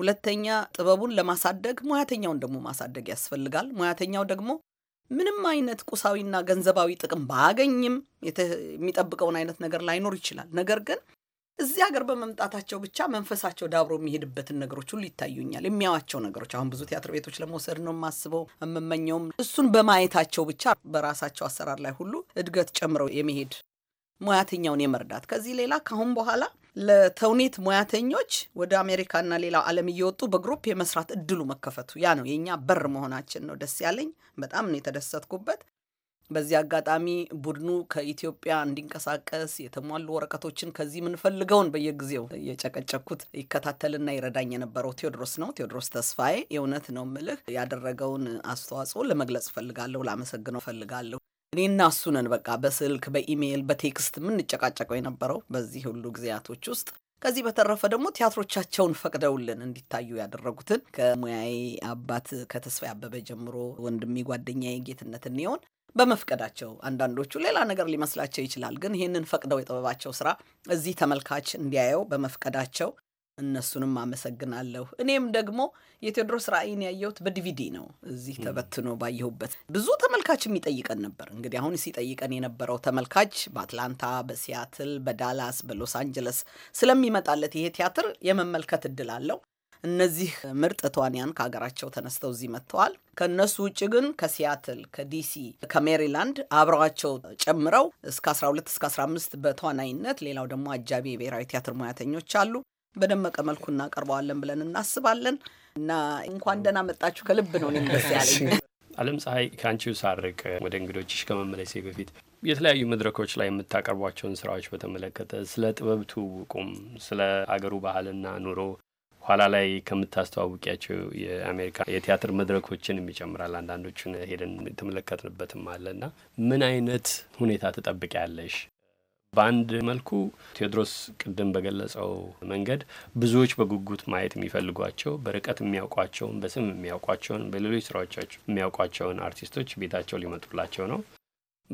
ሁለተኛ ጥበቡን ለማሳደግ ሙያተኛውን ደግሞ ማሳደግ ያስፈልጋል። ሙያተኛው ደግሞ ምንም አይነት ቁሳዊና ገንዘባዊ ጥቅም ባያገኝም የሚጠብቀውን አይነት ነገር ላይኖር ይችላል። ነገር ግን እዚህ ሀገር በመምጣታቸው ብቻ መንፈሳቸው ዳብሮ የሚሄድበትን ነገሮች ሁሉ ይታዩኛል። የሚያዋቸው ነገሮች አሁን ብዙ ቲያትር ቤቶች ለመውሰድ ነው የማስበው የምመኘውም። እሱን በማየታቸው ብቻ በራሳቸው አሰራር ላይ ሁሉ እድገት ጨምረው የመሄድ ሙያተኛውን የመርዳት ከዚህ ሌላ ከአሁን በኋላ ለተውኔት ሙያተኞች ወደ አሜሪካና ሌላው ዓለም እየወጡ በግሩፕ የመስራት እድሉ መከፈቱ ያ ነው የእኛ በር መሆናችን ነው ደስ ያለኝ። በጣም ነው የተደሰትኩበት። በዚህ አጋጣሚ ቡድኑ ከኢትዮጵያ እንዲንቀሳቀስ የተሟሉ ወረቀቶችን ከዚህ የምንፈልገውን በየጊዜው የጨቀጨኩት ይከታተልና ይረዳኝ የነበረው ቴዎድሮስ ነው። ቴዎድሮስ ተስፋዬ የእውነት ነው ምልህ ያደረገውን አስተዋጽኦ ለመግለጽ ፈልጋለሁ፣ ላመሰግነው ፈልጋለሁ። እኔና እሱ ነን በቃ በስልክ በኢሜይል በቴክስት የምንጨቃጨቀው የነበረው በዚህ ሁሉ ጊዜያቶች ውስጥ። ከዚህ በተረፈ ደግሞ ቲያትሮቻቸውን ፈቅደውልን እንዲታዩ ያደረጉትን ከሙያዬ አባት ከተስፋ አበበ ጀምሮ ወንድሜ ጓደኛዬ ጌትነት እንየሆን በመፍቀዳቸው አንዳንዶቹ ሌላ ነገር ሊመስላቸው ይችላል፣ ግን ይህንን ፈቅደው የጥበባቸው ስራ እዚህ ተመልካች እንዲያየው በመፍቀዳቸው እነሱንም አመሰግናለሁ። እኔም ደግሞ የቴዎድሮስ ራዕይን ያየሁት በዲቪዲ ነው፣ እዚህ ተበትኖ ባየሁበት። ብዙ ተመልካችም ይጠይቀን ነበር። እንግዲህ አሁን ሲጠይቀን የነበረው ተመልካች በአትላንታ፣ በሲያትል፣ በዳላስ፣ በሎስ አንጀለስ ስለሚመጣለት ይሄ ቲያትር የመመልከት እድል አለው። እነዚህ ምርጥ ተዋንያን ከሀገራቸው ተነስተው እዚህ መጥተዋል። ከእነሱ ውጭ ግን ከሲያትል፣ ከዲሲ፣ ከሜሪላንድ አብረዋቸው ጨምረው እስከ 12 እስከ 15 በተዋናይነት ሌላው ደግሞ አጃቢ የብሔራዊ ቲያትር ሙያተኞች አሉ። በደመቀ መልኩ እናቀርበዋለን ብለን እናስባለን እና እንኳን ደህና መጣችሁ ከልብ ነው እኔም ደስ ያለኝ። አለም ፀሐይ ከአንቺው ሳርቅ ወደ እንግዶችሽ ከመመለሴ በፊት የተለያዩ መድረኮች ላይ የምታቀርቧቸውን ስራዎች በተመለከተ ስለ ጥበብ ትውውቁም ስለ አገሩ ባህልና ኑሮ ኋላ ላይ ከምታስተዋውቂያቸው የአሜሪካ የቲያትር መድረኮችን የሚጨምራል። አንዳንዶቹን ሄደን የተመለከትንበትም አለና ምን አይነት ሁኔታ ትጠብቂያለሽ? በአንድ መልኩ ቴዎድሮስ ቅድም በገለጸው መንገድ ብዙዎች በጉጉት ማየት የሚፈልጓቸው በርቀት የሚያውቋቸውን በስም የሚያውቋቸውን በሌሎች ስራዎቻቸው የሚያውቋቸውን አርቲስቶች ቤታቸው ሊመጡላቸው ነው።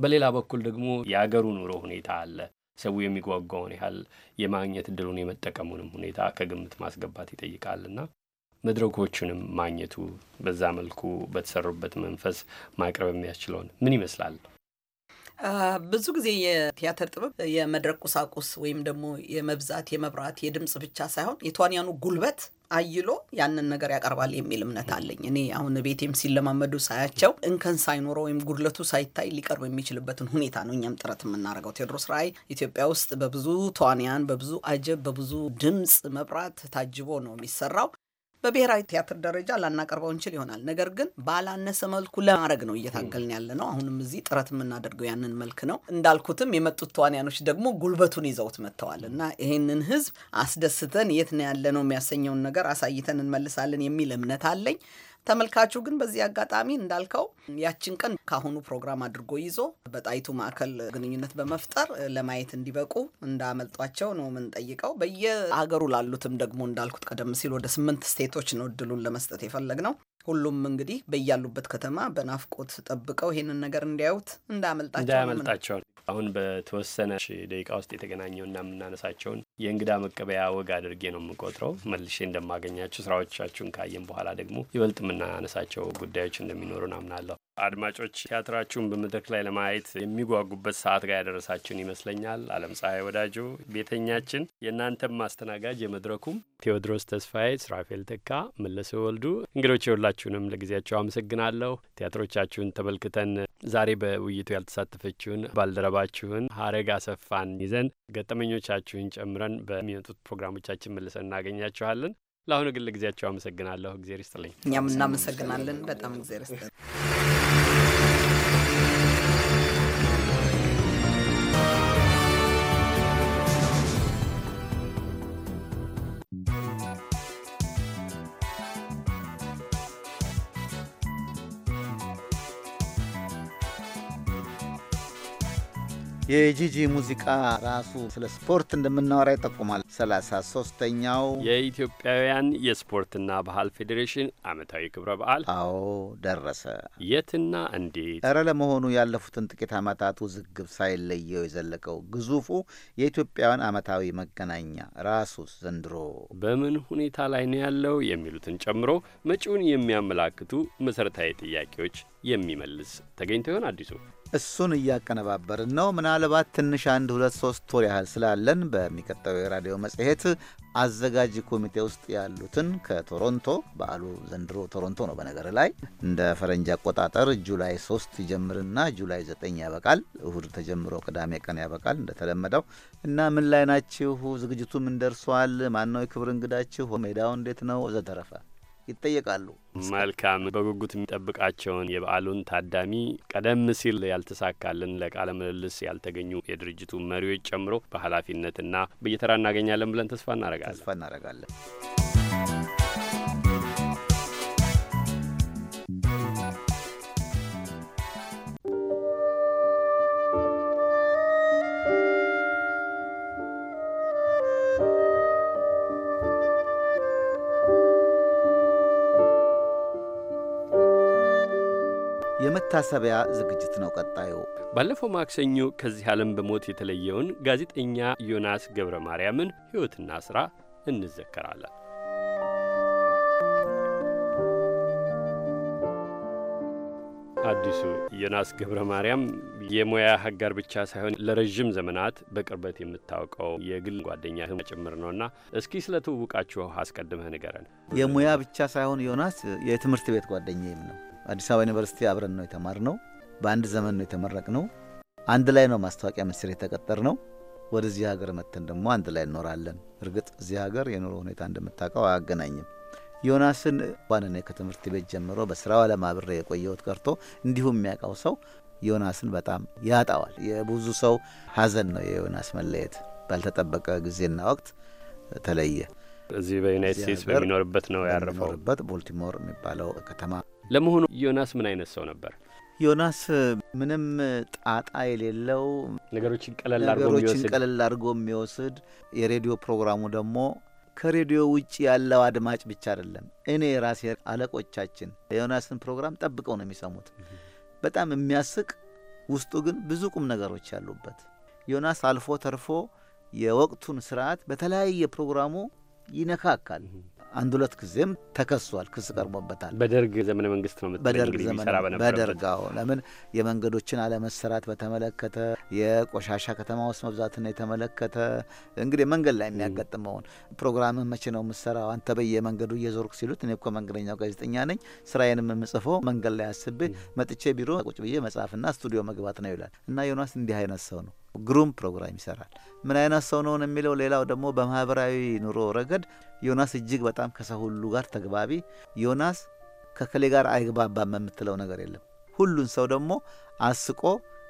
በሌላ በኩል ደግሞ የአገሩ ኑሮ ሁኔታ አለ። ሰው የሚጓጓውን ያህል የማግኘት እድሉን የመጠቀሙንም ሁኔታ ከግምት ማስገባት ይጠይቃልና መድረኮቹንም ማግኘቱ በዛ መልኩ በተሰሩበት መንፈስ ማቅረብ የሚያስችለውን ምን ይመስላል? ብዙ ጊዜ የቲያትር ጥበብ የመድረክ ቁሳቁስ ወይም ደግሞ የመብዛት የመብራት የድምፅ ብቻ ሳይሆን የተዋንያኑ ጉልበት አይሎ ያንን ነገር ያቀርባል የሚል እምነት አለኝ። እኔ አሁን ቤቴም ሲለማመዱ ሳያቸው እንከን ሳይኖረው ወይም ጉድለቱ ሳይታይ ሊቀርብ የሚችልበትን ሁኔታ ነው እኛም ጥረት የምናደርገው። ቴዎድሮስ ራዕይ ኢትዮጵያ ውስጥ በብዙ ተዋንያን፣ በብዙ አጀብ፣ በብዙ ድምፅ መብራት ታጅቦ ነው የሚሰራው። በብሔራዊ ቲያትር ደረጃ ላናቀርበው እንችል ይሆናል። ነገር ግን ባላነሰ መልኩ ለማድረግ ነው እየታገልን ያለ ነው። አሁንም እዚህ ጥረት የምናደርገው ያንን መልክ ነው። እንዳልኩትም የመጡት ተዋንያኖች ደግሞ ጉልበቱን ይዘውት መጥተዋል እና ይህንን ህዝብ አስደስተን የት ነው ያለ ነው የሚያሰኘውን ነገር አሳይተን እንመልሳለን የሚል እምነት አለኝ። ተመልካቹ ግን በዚህ አጋጣሚ እንዳልከው ያችን ቀን ካሁኑ ፕሮግራም አድርጎ ይዞ በጣይቱ ማዕከል ግንኙነት በመፍጠር ለማየት እንዲበቁ እንዳመልጧቸው ነው የምንጠይቀው። በየሀገሩ ላሉትም ደግሞ እንዳልኩት ቀደም ሲል ወደ ስምንት ስቴቶች ነው እድሉን ለመስጠት የፈለግ ነው። ሁሉም እንግዲህ በያሉበት ከተማ በናፍቆት ጠብቀው ይሄንን ነገር እንዲያዩት እንዳያመልጣቸው አሁን በተወሰነ ደቂቃ ውስጥ የተገናኘው እና የምናነሳቸውን የእንግዳ መቀበያ ወግ አድርጌ ነው የምቆጥረው። መልሼ እንደማገኛቸው ስራዎቻችሁን ካየን በኋላ ደግሞ ይበልጥ የምናነሳቸው ጉዳዮች እንደሚኖሩ አምናለሁ። አድማጮች ቲያትራችሁን በመድረክ ላይ ለማየት የሚጓጉበት ሰዓት ጋር ያደረሳችሁን ይመስለኛል። አለም ፀሐይ ወዳጆ ቤተኛችን፣ የእናንተም ማስተናጋጅ የመድረኩም ቴዎድሮስ ተስፋዬ፣ ስራፌል ተካ፣ መለሰ ወልዱ እንግዶች የሁላችሁንም ለጊዜያቸው አመሰግናለሁ። ቲያትሮቻችሁን ተመልክተን ዛሬ በውይይቱ ያልተሳተፈችውን ባልደረባችሁን ሀረግ አሰፋን ይዘን ገጠመኞቻችሁን ጨምረን በሚመጡት ፕሮግራሞቻችን መልሰን እናገኛችኋለን። ለአሁኑ ግን ለጊዜያቸው አመሰግናለሁ። እግዜር ይስጥልኝ። እኛም እናመሰግናለን። በጣም እግዜር ይስጥልኝ። የጂጂ ሙዚቃ ራሱ ስለ ስፖርት እንደምናወራ ይጠቁማል። ሰላሳ ሶስተኛው የኢትዮጵያውያን የስፖርትና ባህል ፌዴሬሽን አመታዊ ክብረ በዓል አዎ ደረሰ። የትና እንዴት እረ ለመሆኑ ያለፉትን ጥቂት አመታት ውዝግብ ሳይለየው የዘለቀው ግዙፉ የኢትዮጵያውያን አመታዊ መገናኛ ራሱ ዘንድሮ በምን ሁኔታ ላይ ነው ያለው? የሚሉትን ጨምሮ መጪውን የሚያመላክቱ መሰረታዊ ጥያቄዎች የሚመልስ ተገኝቶ ይሆን? አዲሱ እሱን እያቀነባበርን ነው። ምናልባት ትንሽ አንድ ሁለት ሶስት ወር ያህል ስላለን በሚቀጥለው የራዲዮ መጽሔት አዘጋጅ ኮሚቴ ውስጥ ያሉትን ከቶሮንቶ በዓሉ ዘንድሮ ቶሮንቶ ነው። በነገር ላይ እንደ ፈረንጅ አቆጣጠር ጁላይ ሶስት ይጀምርና ጁላይ ዘጠኝ ያበቃል። እሁድ ተጀምሮ ቅዳሜ ቀን ያበቃል እንደተለመደው እና ምን ላይ ናችሁ? ዝግጅቱ ምን ደርሷል? ማን ነው የክብር እንግዳችሁ? ሜዳው እንዴት ነው? ወዘተረፈ ይጠየቃሉ። መልካም በጉጉት የሚጠብቃቸውን የበዓሉን ታዳሚ ቀደም ሲል ያልተሳካልን ለቃለ ምልልስ ያልተገኙ የድርጅቱ መሪዎች ጨምሮ በኃላፊነትና በየተራ እናገኛለን ብለን ተስፋ እናረጋለን ተስፋ እናረጋለን። የመታሰቢያ ዝግጅት ነው ቀጣዩ። ባለፈው ማክሰኞ ከዚህ ዓለም በሞት የተለየውን ጋዜጠኛ ዮናስ ገብረ ማርያምን ሕይወትና ሥራ እንዘከራለን። አዲሱ ዮናስ ገብረ ማርያም የሙያ ሀጋር ብቻ ሳይሆን ለረዥም ዘመናት በቅርበት የምታውቀው የግል ጓደኛ ጭምር ነውና እስኪ ስለ ትውውቃችሁ አስቀድመህ ንገረን። የሙያ ብቻ ሳይሆን ዮናስ የትምህርት ቤት ጓደኛዬም ነው። አዲስ አበባ ዩኒቨርሲቲ አብረን ነው የተማርነው። በአንድ ዘመን ነው የተመረቅነው። አንድ ላይ ነው ማስታወቂያ ሚኒስቴር የተቀጠርነው። ወደዚህ ሀገር መጥተን ደግሞ አንድ ላይ እንኖራለን። እርግጥ እዚህ ሀገር የኑሮ ሁኔታ እንደምታውቀው አያገናኝም። ዮናስን እንኳን እኔ ከትምህርት ቤት ጀምሮ በስራው ዓለም አብሬ የቆየሁት ቀርቶ እንዲሁም የሚያውቀው ሰው ዮናስን በጣም ያጣዋል። የብዙ ሰው ሀዘን ነው የዮናስ መለየት። ባልተጠበቀ ጊዜና ወቅት ተለየ። እዚህ በዩናይት ስቴትስ በሚኖርበት ነው ያረፈው፣ ቦልቲሞር የሚባለው ከተማ ለመሆኑ ዮናስ ምን አይነት ሰው ነበር? ዮናስ ምንም ጣጣ የሌለው ነገሮችን ቀለል አድርጎ የሚወስድ የሬዲዮ ፕሮግራሙ ደግሞ ከሬዲዮ ውጭ ያለው አድማጭ ብቻ አይደለም። እኔ የራሴ አለቆቻችን የዮናስን ፕሮግራም ጠብቀው ነው የሚሰሙት። በጣም የሚያስቅ ውስጡ ግን ብዙ ቁም ነገሮች ያሉበት ዮናስ አልፎ ተርፎ የወቅቱን ስርዓት በተለያየ ፕሮግራሙ ይነካካል። አንድ ሁለት ጊዜም ተከሷል። ክስ ቀርቦበታል። በደርግ ዘመነ መንግስት ነው በደርግ ዘመነ በደርጋው ለምን የመንገዶችን አለመሰራት በተመለከተ የቆሻሻ ከተማ ውስጥ መብዛትን የተመለከተ እንግዲህ መንገድ ላይ የሚያጋጥመውን ፕሮግራምህ መቼ ነው የምሰራው አንተ በየመንገዱ እየዞርክ ሲሉት እኔ እኮ መንገደኛው ጋዜጠኛ ነኝ ስራዬንም የምጽፈው መንገድ ላይ አስቤ መጥቼ ቢሮ ቁጭ ብዬ መጽሐፍና ስቱዲዮ መግባት ነው ይላል እና ዮናስ እንዲህ አይነት ሰው ነው። ግሩም ፕሮግራም ይሰራል። ምን አይነት ሰው ነውን የሚለው ሌላው ደግሞ በማህበራዊ ኑሮ ረገድ ዮናስ እጅግ በጣም ከሰው ሁሉ ጋር ተግባቢ። ዮናስ ከከሌ ጋር አይግባባም የምትለው ነገር የለም። ሁሉን ሰው ደግሞ አስቆ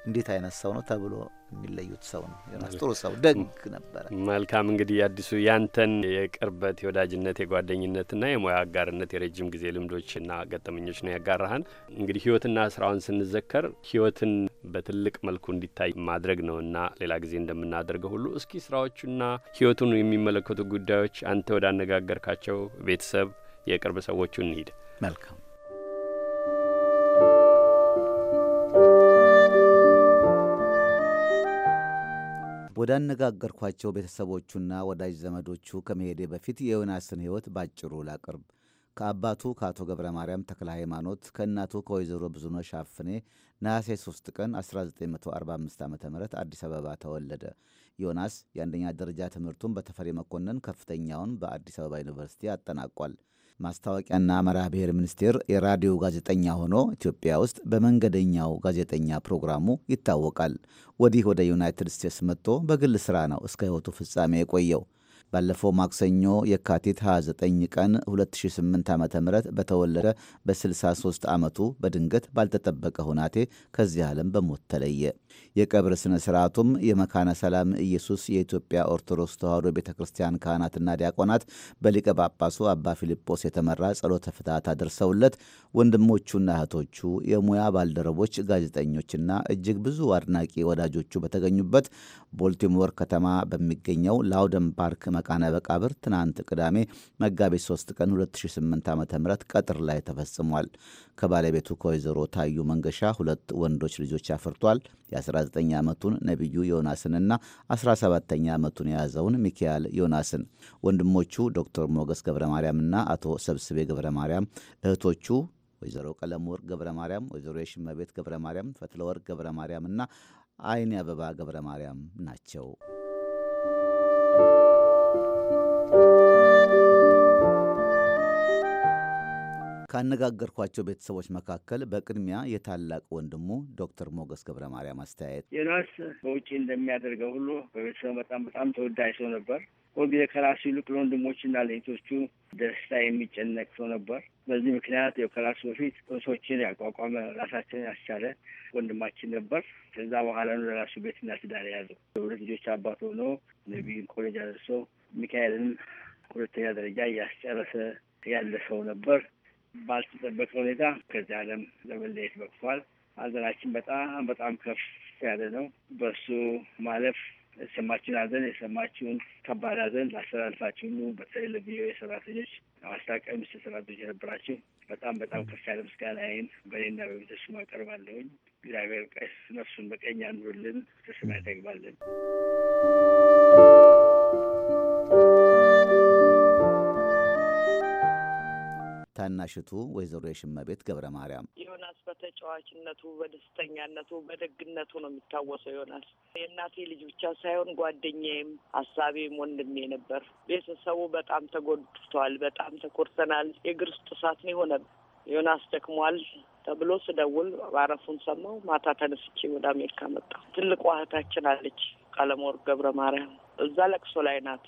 እንዴት አይነት ሰው ነው ተብሎ የሚለዩት ሰው ነው። ዮናስ ጥሩ ሰው፣ ደግ ነበረ። መልካም እንግዲህ አዲሱ ያንተን የቅርበት የወዳጅነት የጓደኝነትና የሙያ አጋርነት የረጅም ጊዜ ልምዶችና ገጠመኞች ነው ያጋራሃን። እንግዲህ ህይወትና ስራውን ስንዘከር ህይወትን በትልቅ መልኩ እንዲታይ ማድረግ ነውና ሌላ ጊዜ እንደምናደርገው ሁሉ እስኪ ስራዎቹና ህይወቱን የሚመለከቱ ጉዳዮች አንተ ወዳነጋገርካቸው ቤተሰብ የቅርብ ሰዎቹ እንሂድ። መልካም ወዳነጋገርኳቸው ቤተሰቦቹና ወዳጅ ዘመዶቹ ከመሄዴ በፊት የዮናስን ሕይወት ባጭሩ ላቅርብ። ከአባቱ ከአቶ ገብረ ማርያም ተክለ ሃይማኖት ከእናቱ ከወይዘሮ ብዙነሽ አፍኔ ነሐሴ 3 ቀን 1945 ዓ ም አዲስ አበባ ተወለደ። ዮናስ የአንደኛ ደረጃ ትምህርቱን በተፈሪ መኮንን ከፍተኛውን በአዲስ አበባ ዩኒቨርሲቲ አጠናቋል። ማስታወቂያና አማራ ብሔር ሚኒስቴር የራዲዮ ጋዜጠኛ ሆኖ ኢትዮጵያ ውስጥ በመንገደኛው ጋዜጠኛ ፕሮግራሙ ይታወቃል። ወዲህ ወደ ዩናይትድ ስቴትስ መጥቶ በግል ስራ ነው እስከ ህይወቱ ፍጻሜ የቆየው። ባለፈው ማክሰኞ የካቲት 29 ቀን 2008 ዓ ም በተወለደ በ63 ዓመቱ በድንገት ባልተጠበቀ ሁናቴ ከዚህ ዓለም በሞት ተለየ። የቀብር ሥነ ሥርዓቱም የመካነ ሰላም ኢየሱስ የኢትዮጵያ ኦርቶዶክስ ተዋሕዶ ቤተ ክርስቲያን ካህናትና ዲያቆናት በሊቀ ጳጳሱ አባ ፊልጶስ የተመራ ጸሎተ ፍትሐት አድርሰውለት ወንድሞቹና እህቶቹ፣ የሙያ ባልደረቦች፣ ጋዜጠኞችና እጅግ ብዙ አድናቂ ወዳጆቹ በተገኙበት ቦልቲሞር ከተማ በሚገኘው ላውደን ፓርክ ቃና በቃብር ትናንት ቅዳሜ መጋቢት 3 ቀን 2008 ዓ ም ቀጥር ላይ ተፈጽሟል። ከባለቤቱ ከወይዘሮ ታዩ መንገሻ ሁለት ወንዶች ልጆች አፍርቷል። የ19 ዓመቱን ነቢዩ ዮናስንና 17ኛ ዓመቱን የያዘውን ሚካኤል ዮናስን። ወንድሞቹ ዶክተር ሞገስ ገብረ ማርያምና አቶ ሰብስቤ ገብረ ማርያም፣ እህቶቹ ወይዘሮ ቀለም ወርቅ ገብረ ማርያም፣ ወይዘሮ የሽመቤት ገብረ ማርያም፣ ፈትለ ወርቅ ገብረ እና አይኔ አበባ ገብረ ማርያም ናቸው። ካነጋገርኳቸው ቤተሰቦች መካከል በቅድሚያ የታላቅ ወንድሙ ዶክተር ሞገስ ገብረ ማርያም አስተያየት ዮናስ በውጭ እንደሚያደርገው ሁሉ በቤተሰብ በጣም በጣም ተወዳጅ ሰው ነበር። ሁልጊዜ ከራሱ ይልቅ ለወንድሞችና ለእህቶቹ ደስታ የሚጨነቅ ሰው ነበር። በዚህ ምክንያት ከራሱ በፊት እህቶችን ያቋቋመ ራሳችን ያስቻለ ወንድማችን ነበር። ከዛ በኋላ ነው ለራሱ ቤትና ትዳር የያዘው። ሁለት ልጆች አባት ሆኖ ነቢይን ኮሌጅ አደርሰው ሚካኤልንም ሁለተኛ ደረጃ እያስጨረሰ ያለ ሰው ነበር። ባልተጠበቀ ሁኔታ ከዚህ ዓለም ለመለየት በቅቷል። ሀዘናችን በጣም በጣም ከፍ ያለ ነው። በሱ ማለፍ የሰማችን ሀዘን የሰማችውን ከባድ ሀዘን ላስተላልፋችሁ ሁሉ በተለይ ለቪዮ የሰራተኞች ማስታወቂያ ሚኒስቴር ሰራተኞች የነበራችሁ በጣም በጣም ከፍ ያለ ምስጋና ምስጋናዬን በእኔና በቤተሰቡ አቀርባለሁኝ። እግዚአብሔር ቀስ ነፍሱን በቀኝ ያኑርልን፣ ተስማ ያደግባለን። ታናሽቱ ወይዘሮ የሽመቤት ገብረ ማርያም ዮናስ በተጫዋችነቱ፣ በደስተኛነቱ፣ በደግነቱ ነው የሚታወሰው። ዮናስ የእናቴ ልጅ ብቻ ሳይሆን ጓደኛዬም፣ ሀሳቤም ወንድሜ ነበር። ቤተሰቡ በጣም ተጎድቷል። በጣም ተኮርተናል። የእግር ውስጥ እሳት ነው የሆነ። ዮናስ ደክሟል ተብሎ ስደውል ማረፉን ሰማው ማታ ተነስቼ ወደ አሜሪካ መጣሁ። ትልቋ እህታችን አለች፣ ቀለሞር ገብረ ማርያም እዛ ለቅሶ ላይ ናት።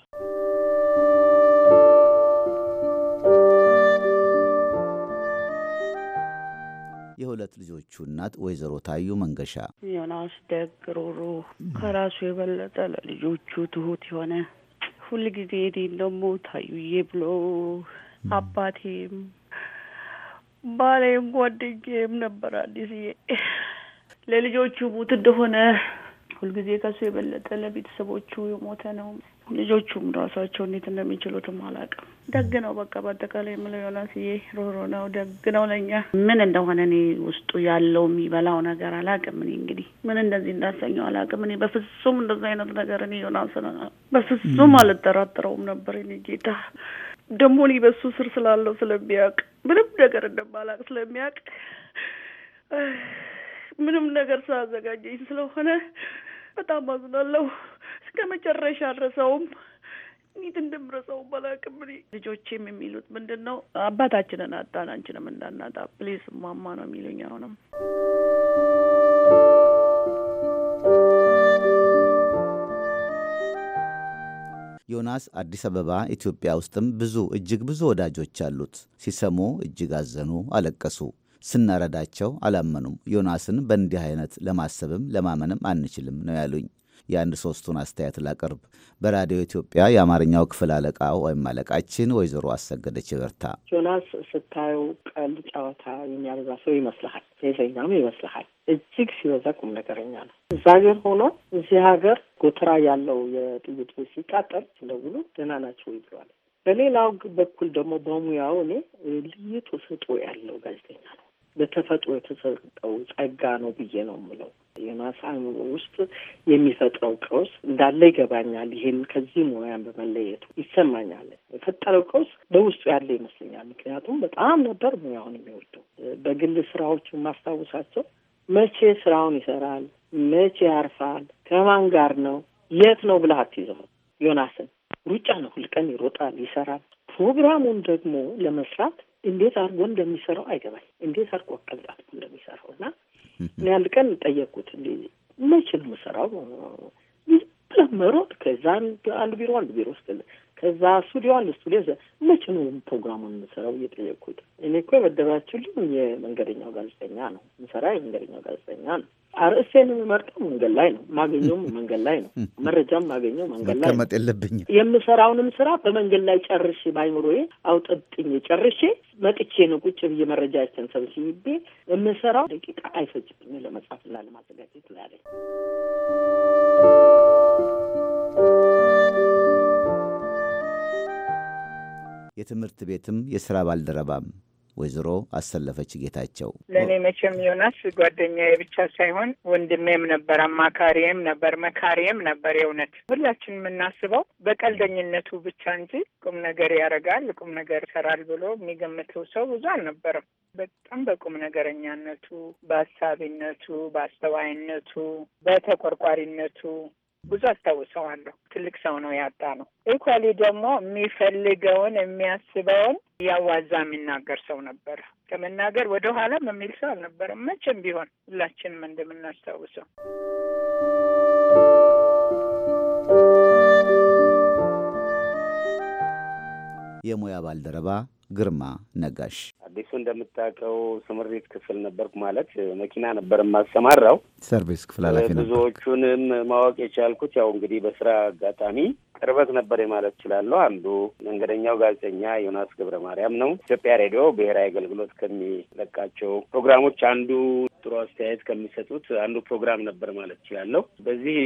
የሁለት ልጆቹ እናት ወይዘሮ ታዩ መንገሻ። ዮናስ ደግ፣ ሮሮ ከራሱ የበለጠ ለልጆቹ ትሁት የሆነ ሁልጊዜ እኔን ደግሞ ታዩዬ ብሎ አባቴም ባሌም ጓደኛዬም ነበር አዲስዬ ለልጆቹ ሙት እንደሆነ ሁልጊዜ ከሱ የበለጠ ለቤተሰቦቹ የሞተ ነው። ልጆቹም ራሳቸው እንዴት እንደሚችሉትም አላውቅም። ደግ ነው፣ በቃ በአጠቃላይ የምለው ዮናስዬ ሮሮ ነው፣ ደግ ነው ለእኛ። ምን እንደሆነ እኔ ውስጡ ያለው የሚበላው ነገር አላውቅም። እኔ እንግዲህ ምን እንደዚህ እንዳሰኘው አላውቅም። እኔ በፍጹም እንደዚ አይነት ነገር እኔ ዮናስን በፍጹም አልጠራጠረውም ነበር። እኔ ጌታ ደግሞ እኔ በሱ ስር ስላለው ስለሚያውቅ ምንም ነገር እንደማላውቅ ስለሚያውቅ ምንም ነገር ስላዘጋጀኝ ስለሆነ በጣም አዝናለሁ። እስከ መጨረሻ አልረሳውም። እንዴት እንደምረሳው ባላቅም። ልጆቼም የሚሉት ምንድን ነው አባታችንን አጣን፣ አንችንም እንዳናጣ ፕሊዝ ማማ ነው የሚሉኝ አሁንም ዮናስ አዲስ አበባ ኢትዮጵያ ውስጥም ብዙ እጅግ ብዙ ወዳጆች አሉት። ሲሰሙ እጅግ አዘኑ፣ አለቀሱ። ስናረዳቸው አላመኑም። ዮናስን በእንዲህ አይነት ለማሰብም ለማመንም አንችልም ነው ያሉኝ። የአንድ ሶስቱን አስተያየት ላቀርብ። በራዲዮ ኢትዮጵያ የአማርኛው ክፍል አለቃ ወይም አለቃችን ወይዘሮ አሰገደች በርታ፣ ዮናስ ስታየው ቀልድ ጨዋታ የሚያበዛ ሰው ይመስልሃል፣ ፌዘኛም ይመስልሃል። እጅግ ሲበዛ ቁም ነገረኛ ነው። እዛ ሀገር ሆኖ እዚህ ሀገር ጎተራ ያለው የጥይት ሲቃጠል ሲደውሉ ደህና ናቸው ወይ ብለዋል። በሌላው በኩል ደግሞ በሙያው እኔ ልዩ ተሰጥኦ ያለው ጋዜጠኛ ነው። በተፈጥሮ የተሰጠው ጸጋ ነው ብዬ ነው የምለው። ዮናስ አእምሮ ውስጥ የሚፈጥረው ቀውስ እንዳለ ይገባኛል። ይሄን ከዚህ ሙያን በመለየቱ ይሰማኛል። የፈጠረው ቀውስ በውስጡ ያለ ይመስለኛል። ምክንያቱም በጣም ነበር ሙያውን የሚወደው። በግል ስራዎቹ የማስታውሳቸው መቼ ስራውን ይሰራል፣ መቼ ያርፋል፣ ከማን ጋር ነው፣ የት ነው ብለህ አትይዘው። ዮናስን ሩጫ ነው፣ ሁልቀን ይሮጣል፣ ይሰራል። ፕሮግራሙን ደግሞ ለመስራት እንዴት አድርጎ እንደሚሰራው አይገባኝ። እንዴት አድርጎ አቀልጣት እንደሚሰራው እና እኔ አንድ ቀን ጠየቅኩት እ መቼ ነው የምሰራው ብለመሮ ከዛ አንድ ቢሮ አንድ ቢሮ ውስጥ ከዛ ስቱዲዮ አንድ ስቱዲዮ መቼ ነው ፕሮግራሙን የምሰራው እየጠየቅኩት እኔ እኮ የመደባችሁልኝ የመንገደኛው ጋዜጠኛ ነው ምሰራ የመንገደኛው ጋዜጠኛ ነው አርእስቴን የምመርጠው መንገድ ላይ ነው። ማገኘውም መንገድ ላይ ነው። መረጃም ማገኘው መንገድ ላይ መቀመጥ የለብኝም። የምሰራውንም ስራ በመንገድ ላይ ጨርሼ በአይምሮዬ አውጠጥኝ ጨርሼ መጥቼ ነው ቁጭ ብዬ መረጃ መረጃችን ሰብስቤ የምሰራው ደቂቃ አይፈጅብኝ ለመጻፍና ለማዘጋጀት ላለኝ የትምህርት ቤትም የስራ ባልደረባም ወይዘሮ አሰለፈች ጌታቸው። ለእኔ መቼም ዮናስ ጓደኛዬ ብቻ ሳይሆን ወንድሜም ነበር፣ አማካሪም ነበር፣ መካሪም ነበር። የእውነት ሁላችን የምናስበው በቀልደኝነቱ ብቻ እንጂ ቁም ነገር ያደርጋል ቁም ነገር ይሰራል ብሎ የሚገምተው ሰው ብዙ አልነበረም። በጣም በቁም ነገረኛነቱ፣ በሀሳቢነቱ፣ በአስተዋይነቱ፣ በተቆርቋሪነቱ ብዙ አስታውሰዋለሁ። ትልቅ ሰው ነው ያጣ ነው። ኢኳሊ ደግሞ የሚፈልገውን የሚያስበውን ያዋዛ የሚናገር ሰው ነበረ። ከመናገር ወደኋላም የሚል ሰው አልነበረም። መቼም ቢሆን ሁላችንም እንደምናስታውሰው የሙያ ባልደረባ ግርማ ነጋሽ አዲሱ እንደምታውቀው ስምሪት ክፍል ነበርኩ። ማለት መኪና ነበር የማሰማራው ሰርቪስ ክፍል ኃላፊ ነበር። ብዙዎቹንም ማወቅ የቻልኩት ያው እንግዲህ በስራ አጋጣሚ ቅርበት ነበር ማለት እችላለሁ። አንዱ መንገደኛው ጋዜጠኛ ዮናስ ገብረ ማርያም ነው። ኢትዮጵያ ሬዲዮ ብሔራዊ አገልግሎት ከሚለቃቸው ፕሮግራሞች አንዱ ጥሩ አስተያየት ከሚሰጡት አንዱ ፕሮግራም ነበር ማለት እችላለሁ። በዚህ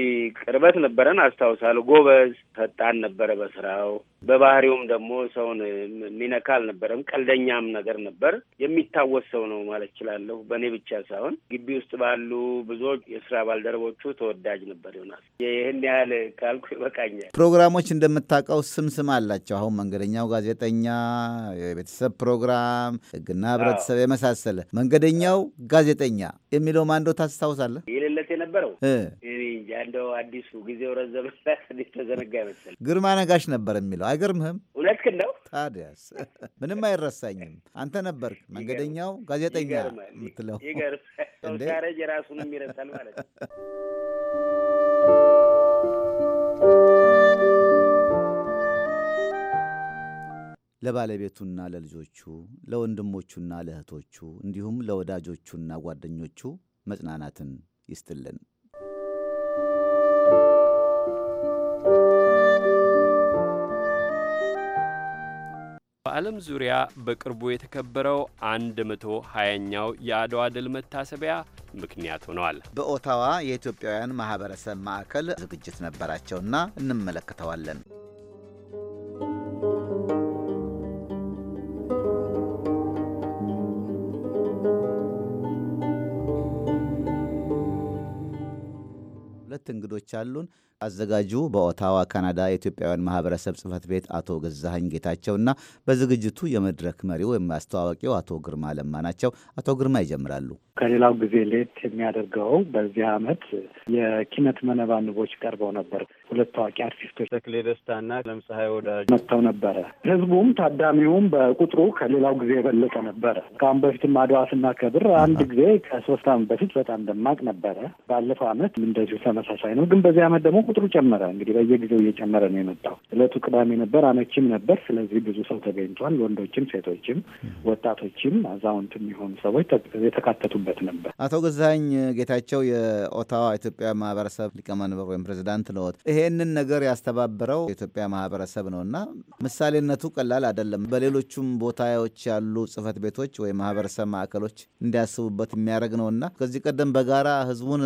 ቅርበት ነበረን አስታውሳለሁ። ጎበዝ ፈጣን ነበረ በስራው በባህሪውም ደግሞ ሰውን የሚነካ አልነበረም። ቀልደኛም ነገር ነበር። የሚታወስ ሰው ነው ማለት እችላለሁ። በእኔ ብቻ ሳይሆን ግቢ ውስጥ ባሉ ብዙዎች የስራ ባልደረቦቹ ተወዳጅ ነበር። ዮናስ ይህን ያህል ካልኩ ይበቃኛል። ፕሮግራሞች እንደምታውቀው ስም ስም አላቸው። አሁን መንገደኛው ጋዜጠኛ፣ የቤተሰብ ፕሮግራም፣ ህግና ህብረተሰብ የመሳሰለ መንገደኛው ጋዜጠኛ የሚለው ማንዶ ታስታውሳለህ? የነበረው እኔ እንጃ እንደው አዲሱ ጊዜው ረዘመላት እንዴት ተዘነጋ ይመስል ግርማ ነጋሽ ነበር የሚለው አይገርምህም? እውነት ነው። ታዲያስ ምንም አይረሳኝም። አንተ ነበርክ መንገደኛው ጋዜጠኛ የምትለው ይገርም የራሱንም ይረሳል ማለት ነው። ለባለቤቱና ለልጆቹ ለወንድሞቹና ለእህቶቹ እንዲሁም ለወዳጆቹና ጓደኞቹ መጽናናትን ይስጥልን። በዓለም ዙሪያ በቅርቡ የተከበረው አንድ መቶ ሀያኛው የአድዋ ድል መታሰቢያ ምክንያት ሆነዋል። በኦታዋ የኢትዮጵያውያን ማህበረሰብ ማዕከል ዝግጅት ነበራቸውና እንመለከተዋለን። chaluun አዘጋጁ በኦታዋ ካናዳ የኢትዮጵያውያን ማህበረሰብ ጽህፈት ቤት አቶ ገዛሀኝ ጌታቸውና በዝግጅቱ የመድረክ መሪው ወይም አስተዋዋቂው አቶ ግርማ ለማ ናቸው። አቶ ግርማ ይጀምራሉ። ከሌላው ጊዜ ሌት የሚያደርገው በዚህ አመት የኪነት መነባንቦች ቀርበው ነበር። ሁለት ታዋቂ አርቲስቶች ተክሌ ደስታና ለምፀሐይ ወዳጅ መጥተው ነበረ። ህዝቡም ታዳሚውም በቁጥሩ ከሌላው ጊዜ የበለጠ ነበረ። ከአሁን በፊትም አድዋ ስናከብር አንድ ጊዜ ከሶስት አመት በፊት በጣም ደማቅ ነበረ። ባለፈው አመት እንደዚሁ ተመሳሳይ ነው። ግን በዚህ አመት ደግሞ ቁጥሩ ጨመረ። እንግዲህ በየጊዜው እየጨመረ ነው የመጣው። እለቱ ቅዳሜ ነበር፣ አመቺም ነበር። ስለዚህ ብዙ ሰው ተገኝቷል። ወንዶችም፣ ሴቶችም፣ ወጣቶችም አዛውንት የሆኑ ሰዎች የተካተቱበት ነበር። አቶ ገዛኝ ጌታቸው የኦታዋ ኢትዮጵያ ማህበረሰብ ሊቀመንበር ወይም ፕሬዚዳንት ነዎት። ይሄንን ነገር ያስተባበረው የኢትዮጵያ ማህበረሰብ ነው እና ምሳሌነቱ ቀላል አይደለም። በሌሎቹም ቦታዎች ያሉ ጽህፈት ቤቶች ወይም ማህበረሰብ ማዕከሎች እንዲያስቡበት የሚያደርግ ነው እና ከዚህ ቀደም በጋራ ህዝቡን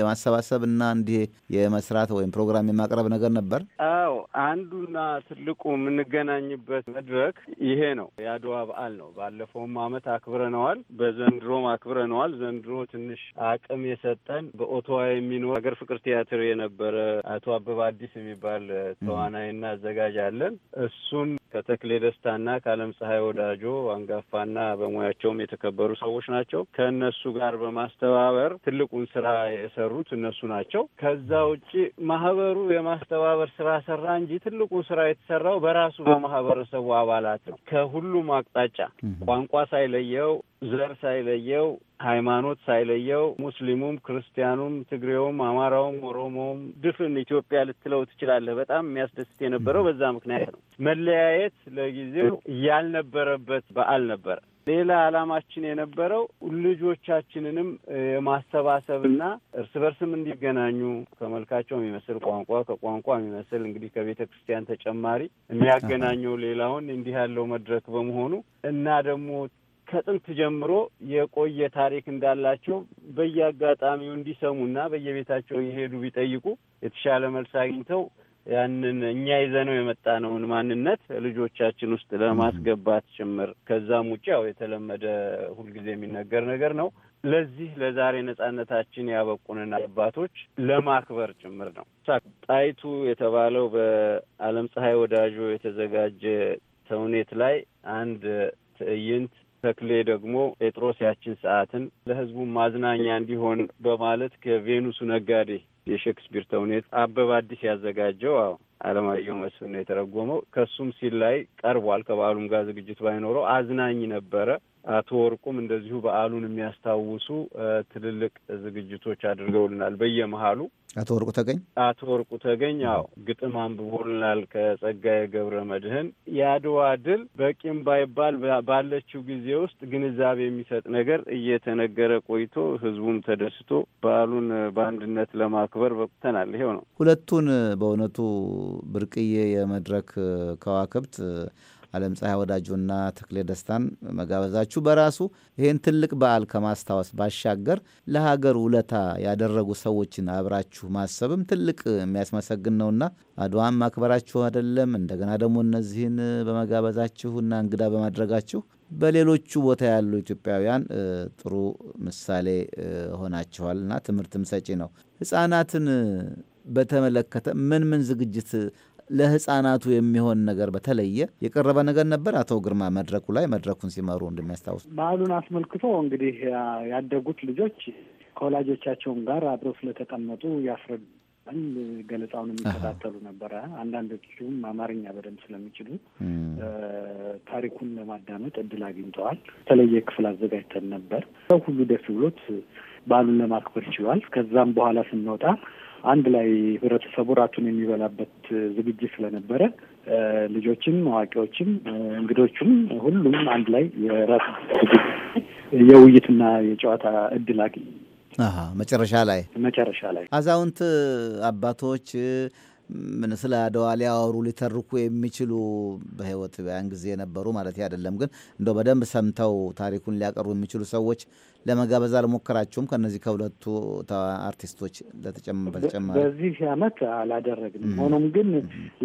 የማሰባሰብ እና እንዲህ የመስራት ወይም ይህን ፕሮግራም የማቅረብ ነገር ነበር? አዎ፣ አንዱና ትልቁ የምንገናኝበት መድረክ ይሄ ነው። የአድዋ በዓል ነው። ባለፈውም አመት አክብረነዋል፣ በዘንድሮም አክብረነዋል። ዘንድሮ ትንሽ አቅም የሰጠን በኦቶዋ የሚኖር ሀገር ፍቅር ቲያትር የነበረ አቶ አበብ አዲስ የሚባል ተዋናይና አዘጋጅ አለን። እሱን ከተክሌ ደስታና ከአለም ፀሐይ ወዳጆ አንጋፋና በሙያቸውም የተከበሩ ሰዎች ናቸው። ከእነሱ ጋር በማስተባበር ትልቁን ስራ የሰሩት እነሱ ናቸው። ከዛ ውጭ ማህበሩ የማስተባበር ስራ ሰራ እንጂ ትልቁ ስራ የተሰራው በራሱ በማህበረሰቡ አባላት ነው። ከሁሉም አቅጣጫ ቋንቋ ሳይለየው፣ ዘር ሳይለየው ሃይማኖት ሳይለየው ሙስሊሙም፣ ክርስቲያኑም፣ ትግሬውም፣ አማራውም፣ ኦሮሞውም ድፍን ኢትዮጵያ ልትለው ትችላለህ። በጣም የሚያስደስት የነበረው በዛ ምክንያት ነው። መለያየት ለጊዜው ያልነበረበት በዓል ነበረ። ሌላ ዓላማችን የነበረው ልጆቻችንንም የማሰባሰብና እርስ በርስም እንዲገናኙ ከመልካቸው የሚመስል ቋንቋ ከቋንቋ የሚመስል እንግዲህ ከቤተ ክርስቲያን ተጨማሪ የሚያገናኘው ሌላውን እንዲህ ያለው መድረክ በመሆኑ እና ደግሞ ከጥንት ጀምሮ የቆየ ታሪክ እንዳላቸው በየአጋጣሚው እንዲሰሙና በየቤታቸው እየሄዱ ቢጠይቁ የተሻለ መልስ አግኝተው ያንን እኛ ይዘነው የመጣነውን ማንነት ልጆቻችን ውስጥ ለማስገባት ጭምር ከዛም ውጭ ያው የተለመደ ሁልጊዜ የሚነገር ነገር ነው። ለዚህ ለዛሬ ነጻነታችን ያበቁንን አባቶች ለማክበር ጭምር ነው። ጣይቱ የተባለው በዓለም ፀሐይ ወዳጆ የተዘጋጀ ተውኔት ላይ አንድ ትዕይንት ተክሌ ደግሞ ጴጥሮስ ያችን ሰዓትን ለህዝቡ ማዝናኛ እንዲሆን በማለት ከቬኑሱ ነጋዴ የሼክስፒር ተውኔት አበበ አዲስ ያዘጋጀው አዎ አለማየሁ መስፍን የተረጎመው። ከሱም ሲል ላይ ቀርቧል። ከበዓሉም ጋር ዝግጅት ባይኖረው አዝናኝ ነበረ። አቶ ወርቁም እንደዚሁ በዓሉን የሚያስታውሱ ትልልቅ ዝግጅቶች አድርገውልናል። በየመሀሉ አቶ ወርቁ ተገኝ አቶ ወርቁ ተገኝ አዎ ግጥም አንብቦልናል ከጸጋዬ ገብረ መድህን። የአድዋ ድል በቂም ባይባል ባለችው ጊዜ ውስጥ ግንዛቤ የሚሰጥ ነገር እየተነገረ ቆይቶ ህዝቡም ተደስቶ በዓሉን በአንድነት ለማክበር በቁተናል። ይሄው ነው ሁለቱን በእውነቱ ብርቅዬ የመድረክ ከዋክብት ዓለም ፀሐይ ወዳጆና ተክሌ ደስታን መጋበዛችሁ በራሱ ይህን ትልቅ በዓል ከማስታወስ ባሻገር ለሀገር ውለታ ያደረጉ ሰዎችን አብራችሁ ማሰብም ትልቅ የሚያስመሰግን ነውና አድዋም ማክበራችሁ አይደለም እንደገና ደግሞ እነዚህን በመጋበዛችሁና እንግዳ በማድረጋችሁ በሌሎቹ ቦታ ያሉ ኢትዮጵያውያን ጥሩ ምሳሌ ሆናችኋልና ትምህርትም ሰጪ ነው። ህጻናትን በተመለከተ ምን ምን ዝግጅት ለህፃናቱ የሚሆን ነገር በተለየ የቀረበ ነገር ነበር። አቶ ግርማ መድረኩ ላይ መድረኩን ሲመሩ እንደሚያስታውሱ በዓሉን አስመልክቶ እንግዲህ ያደጉት ልጆች ከወላጆቻቸውም ጋር አብረው ስለተቀመጡ ያስረዱ ገለጻውን የሚከታተሉ ነበረ። አንዳንዶቹም አማርኛ በደንብ ስለሚችሉ ታሪኩን ለማዳመጥ እድል አግኝተዋል። የተለየ ክፍል አዘጋጅተን ነበር። ሰው ሁሉ ደስ ብሎት በዓሉን ለማክበር ችሏል። ከዛም በኋላ ስንወጣ አንድ ላይ ህብረተሰቡ ራቱን የሚበላበት ዝግጅት ስለነበረ ልጆችም፣ አዋቂዎችም፣ እንግዶቹም ሁሉም አንድ ላይ የራት የውይይትና የጨዋታ እድል አግኝ መጨረሻ ላይ መጨረሻ ላይ አዛውንት አባቶች ምን ስለ አድዋ ሊያወሩ ሊተርኩ የሚችሉ በህይወት ያን ጊዜ የነበሩ ማለት አይደለም፣ ግን እንደው በደንብ ሰምተው ታሪኩን ሊያቀሩ የሚችሉ ሰዎች ለመጋበዝ አልሞከራችሁም? ከነዚህ ከሁለቱ አርቲስቶች በተጨማሪ በዚህ አመት አላደረግንም። ሆኖም ግን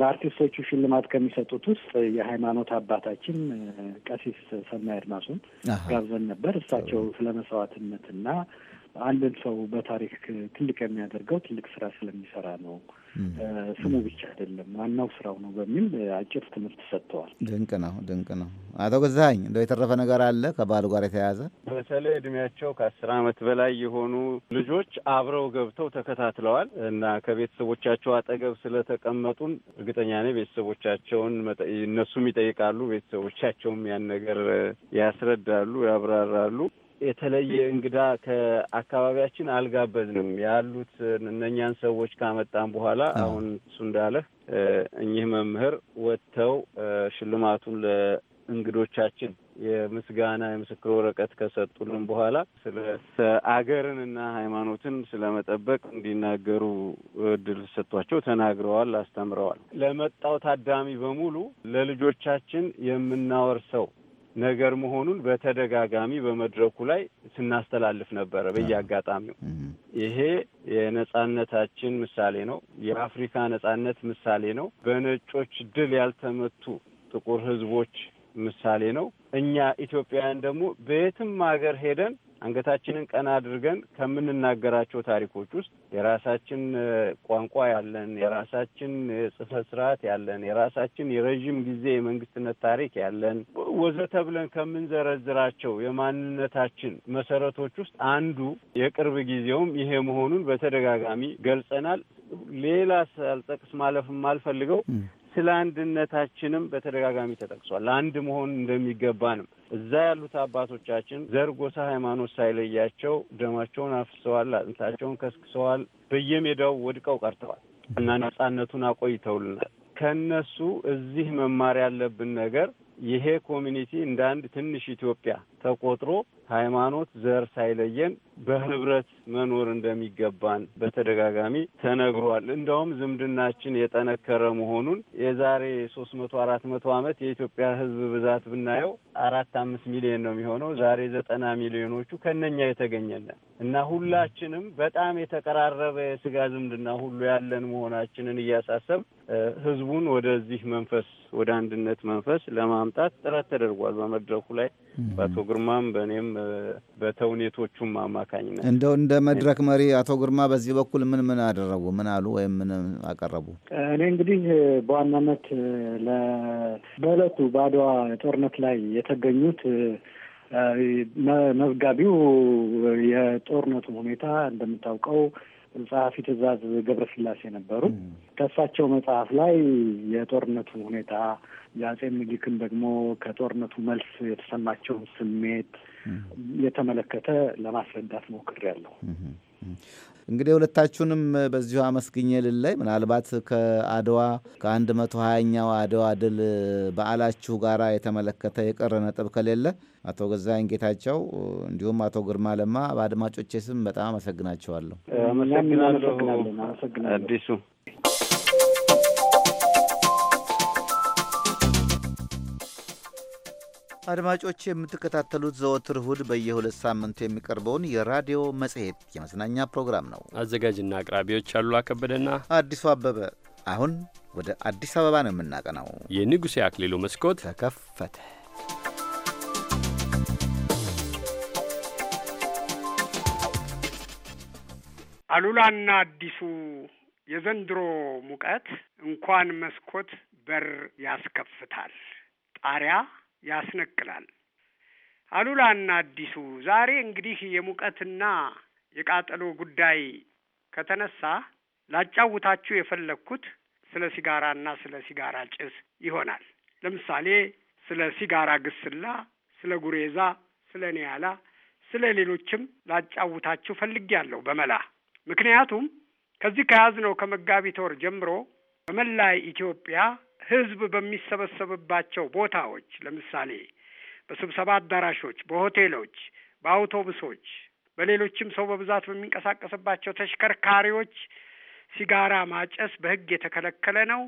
ለአርቲስቶቹ ሽልማት ከሚሰጡት ውስጥ የሃይማኖት አባታችን ቀሲስ ሰማይ አድማሱን ጋብዘን ነበር። እሳቸው ስለ መስዋዕትነትና አንድን ሰው በታሪክ ትልቅ የሚያደርገው ትልቅ ስራ ስለሚሰራ ነው። ስሙ ብቻ አይደለም፣ ዋናው ስራው ነው በሚል አጭር ትምህርት ሰጥተዋል። ድንቅ ነው፣ ድንቅ ነው። አቶ ገዛኸኝ እንደው የተረፈ ነገር አለ ከባሉ ጋር የተያያዘ በተለይ እድሜያቸው ከአስር ዓመት በላይ የሆኑ ልጆች አብረው ገብተው ተከታትለዋል እና ከቤተሰቦቻቸው አጠገብ ስለተቀመጡም እርግጠኛ ነኝ ቤተሰቦቻቸውን እነሱም ይጠይቃሉ፣ ቤተሰቦቻቸውም ያን ነገር ያስረዳሉ፣ ያብራራሉ። የተለየ እንግዳ ከአካባቢያችን አልጋበዝንም ያሉት እነኛን ሰዎች ካመጣን በኋላ አሁን እሱ እንዳለህ እኚህ መምህር ወጥተው ሽልማቱን ለእንግዶቻችን የምስጋና የምስክር ወረቀት ከሰጡልን በኋላ ስለ አገርን እና ሃይማኖትን ስለመጠበቅ እንዲናገሩ እድል ሰጥቷቸው ተናግረዋል፣ አስተምረዋል። ለመጣው ታዳሚ በሙሉ ለልጆቻችን የምናወርሰው ነገር መሆኑን በተደጋጋሚ በመድረኩ ላይ ስናስተላልፍ ነበረ። በየአጋጣሚው ይሄ የነጻነታችን ምሳሌ ነው። የአፍሪካ ነጻነት ምሳሌ ነው። በነጮች ድል ያልተመቱ ጥቁር ሕዝቦች ምሳሌ ነው። እኛ ኢትዮጵያውያን ደግሞ በየትም ሀገር ሄደን አንገታችንን ቀና አድርገን ከምንናገራቸው ታሪኮች ውስጥ የራሳችን ቋንቋ ያለን፣ የራሳችን የጽህፈት ስርዓት ያለን፣ የራሳችን የረዥም ጊዜ የመንግስትነት ታሪክ ያለን ወዘተ ብለን ከምንዘረዝራቸው የማንነታችን መሰረቶች ውስጥ አንዱ የቅርብ ጊዜውም ይሄ መሆኑን በተደጋጋሚ ገልጸናል። ሌላ ሳልጠቅስ ማለፍ የማልፈልገው ስለ አንድነታችንም በተደጋጋሚ ተጠቅሷል። አንድ መሆን እንደሚገባንም እዛ ያሉት አባቶቻችን ዘር፣ ጎሳ፣ ሃይማኖት ሳይለያቸው ደማቸውን አፍሰዋል፣ አጥንታቸውን ከስክሰዋል፣ በየሜዳው ወድቀው ቀርተዋል እና ነጻነቱን አቆይተውልናል። ከነሱ እዚህ መማር ያለብን ነገር ይሄ ኮሚኒቲ እንደ አንድ ትንሽ ኢትዮጵያ ተቆጥሮ ሃይማኖት፣ ዘር ሳይለየን በህብረት መኖር እንደሚገባን በተደጋጋሚ ተነግሯል። እንደውም ዝምድናችን የጠነከረ መሆኑን የዛሬ ሶስት መቶ አራት መቶ ዓመት የኢትዮጵያ ህዝብ ብዛት ብናየው አራት አምስት ሚሊዮን ነው የሚሆነው። ዛሬ ዘጠና ሚሊዮኖቹ ከነኛ የተገኘለን እና ሁላችንም በጣም የተቀራረበ የስጋ ዝምድና ሁሉ ያለን መሆናችንን እያሳሰብ ህዝቡን ወደዚህ መንፈስ ወደ አንድነት መንፈስ ለማምጣት ጥረት ተደርጓል። በመድረኩ ላይ በአቶ ግርማም በእኔም በተውኔቶቹም አማካኝነት እንደው እንደ መድረክ መሪ አቶ ግርማ በዚህ በኩል ምን ምን አደረጉ? ምን አሉ ወይም ምን አቀረቡ? እኔ እንግዲህ በዋናነት በእለቱ በአድዋ ጦርነት ላይ የተገኙት መዝጋቢው የጦርነቱ ሁኔታ እንደምታውቀው ጸሐፊ ትእዛዝ ገብረስላሴ ነበሩ። ከእሳቸው መጽሐፍ ላይ የጦርነቱ ሁኔታ የአጼ ምኒልክን ደግሞ ከጦርነቱ መልስ የተሰማቸውን ስሜት የተመለከተ ለማስረዳት ሞክሬያለሁ። እንግዲህ ሁለታችሁንም በዚሁ አመስግኜ ልለይ። ምናልባት ከአድዋ ከአንድ መቶ ሀያኛው አድዋ ድል በዓላችሁ ጋራ የተመለከተ የቀረ ነጥብ ከሌለ አቶ ገዛኝ ጌታቸው እንዲሁም አቶ ግርማ ለማ በአድማጮቼ ስም በጣም አመሰግናቸዋለሁ። አመሰግናለሁ አዲሱ አድማጮች የምትከታተሉት ዘወትር እሁድ በየሁለት ሳምንቱ የሚቀርበውን የራዲዮ መጽሔት የመዝናኛ ፕሮግራም ነው። አዘጋጅና አቅራቢዎች አሉላ ከበደና አዲሱ አበበ። አሁን ወደ አዲስ አበባ ነው የምናቀናው። የንጉሴ አክሊሉ መስኮት ተከፈተ። አሉላና አዲሱ የዘንድሮ ሙቀት እንኳን መስኮት በር ያስከፍታል ጣሪያ ያስነቅላል። አሉላና አዲሱ ዛሬ እንግዲህ የሙቀትና የቃጠሎ ጉዳይ ከተነሳ ላጫውታችሁ የፈለግኩት ስለ ሲጋራና ስለ ሲጋራ ጭስ ይሆናል። ለምሳሌ ስለ ሲጋራ ግስላ፣ ስለ ጉሬዛ፣ ስለ ኒያላ፣ ስለ ሌሎችም ላጫውታችሁ ፈልጌያለሁ በመላ ምክንያቱም ከዚህ ከያዝነው ከመጋቢት ወር ጀምሮ በመላ ኢትዮጵያ ህዝብ በሚሰበሰብባቸው ቦታዎች ለምሳሌ በስብሰባ አዳራሾች፣ በሆቴሎች፣ በአውቶቡሶች፣ በሌሎችም ሰው በብዛት በሚንቀሳቀስባቸው ተሽከርካሪዎች ሲጋራ ማጨስ በህግ የተከለከለ ነው፣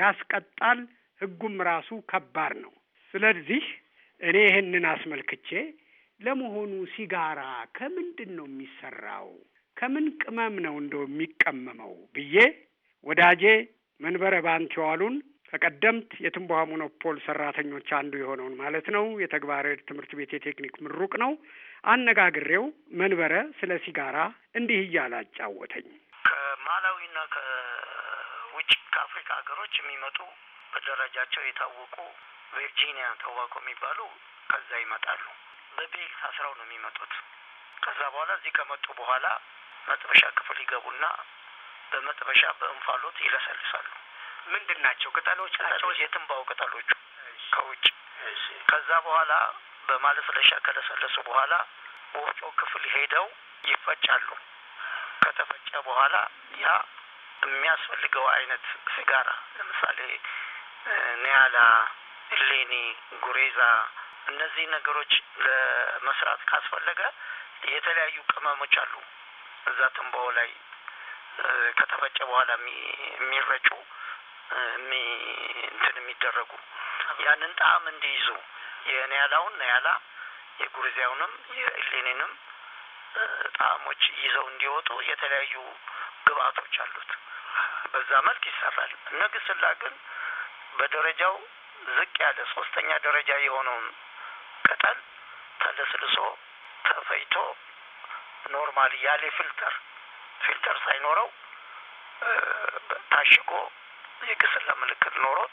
ያስቀጣል። ህጉም ራሱ ከባድ ነው። ስለዚህ እኔ ይህንን አስመልክቼ ለመሆኑ ሲጋራ ከምንድን ነው የሚሰራው? ከምን ቅመም ነው እንደው የሚቀመመው ብዬ ወዳጄ መንበረ ባንቲዋሉን ከቀደምት የትንቧ ሞኖፖል ሰራተኞች አንዱ የሆነውን ማለት ነው የተግባረ ዕድ ትምህርት ቤት የቴክኒክ ምሩቅ ነው አነጋግሬው መንበረ ስለ ሲጋራ እንዲህ እያለ አጫወተኝ። ከማላዊና ከውጭ ከአፍሪካ ሀገሮች የሚመጡ በደረጃቸው የታወቁ ቨርጂኒያ ተዋቆ የሚባሉ ከዛ ይመጣሉ። በቤል ታስረው ነው የሚመጡት። ከዛ በኋላ እዚህ ከመጡ በኋላ መጥበሻ ክፍል ይገቡና በመጥበሻ በእንፋሎት ይለሰልሳሉ። ምንድን ናቸው ቅጠሎች ናቸው የትንባው ቅጠሎቹ ከውጭ ከዛ በኋላ በማለስለሻ ከለሰለሱ በኋላ ወፍጮ ክፍል ሄደው ይፈጫሉ። ከተፈጨ በኋላ ያ የሚያስፈልገው አይነት ሲጋራ ለምሳሌ ኒያላ፣ ሌኒ፣ ጉሬዛ እነዚህ ነገሮች ለመስራት ካስፈለገ የተለያዩ ቅመሞች አሉ እዛ ትንባው ላይ ከተፈጨ በኋላ የሚረጩ እንትን የሚደረጉ ያንን ጣዕም እንዲይዙ የኒያላውን ኒያላ የጉርዚያውንም የሌኒንም ጣዕሞች ይዘው እንዲወጡ የተለያዩ ግብአቶች አሉት። በዛ መልክ ይሰራል። ነግስላ ግን በደረጃው ዝቅ ያለ ሶስተኛ ደረጃ የሆነውን ቅጠል ተለስልሶ ተፈይቶ ኖርማል ያለ ፊልተር ፊልተር ሳይኖረው ታሽጎ የክስላ ምልክት ኖሮት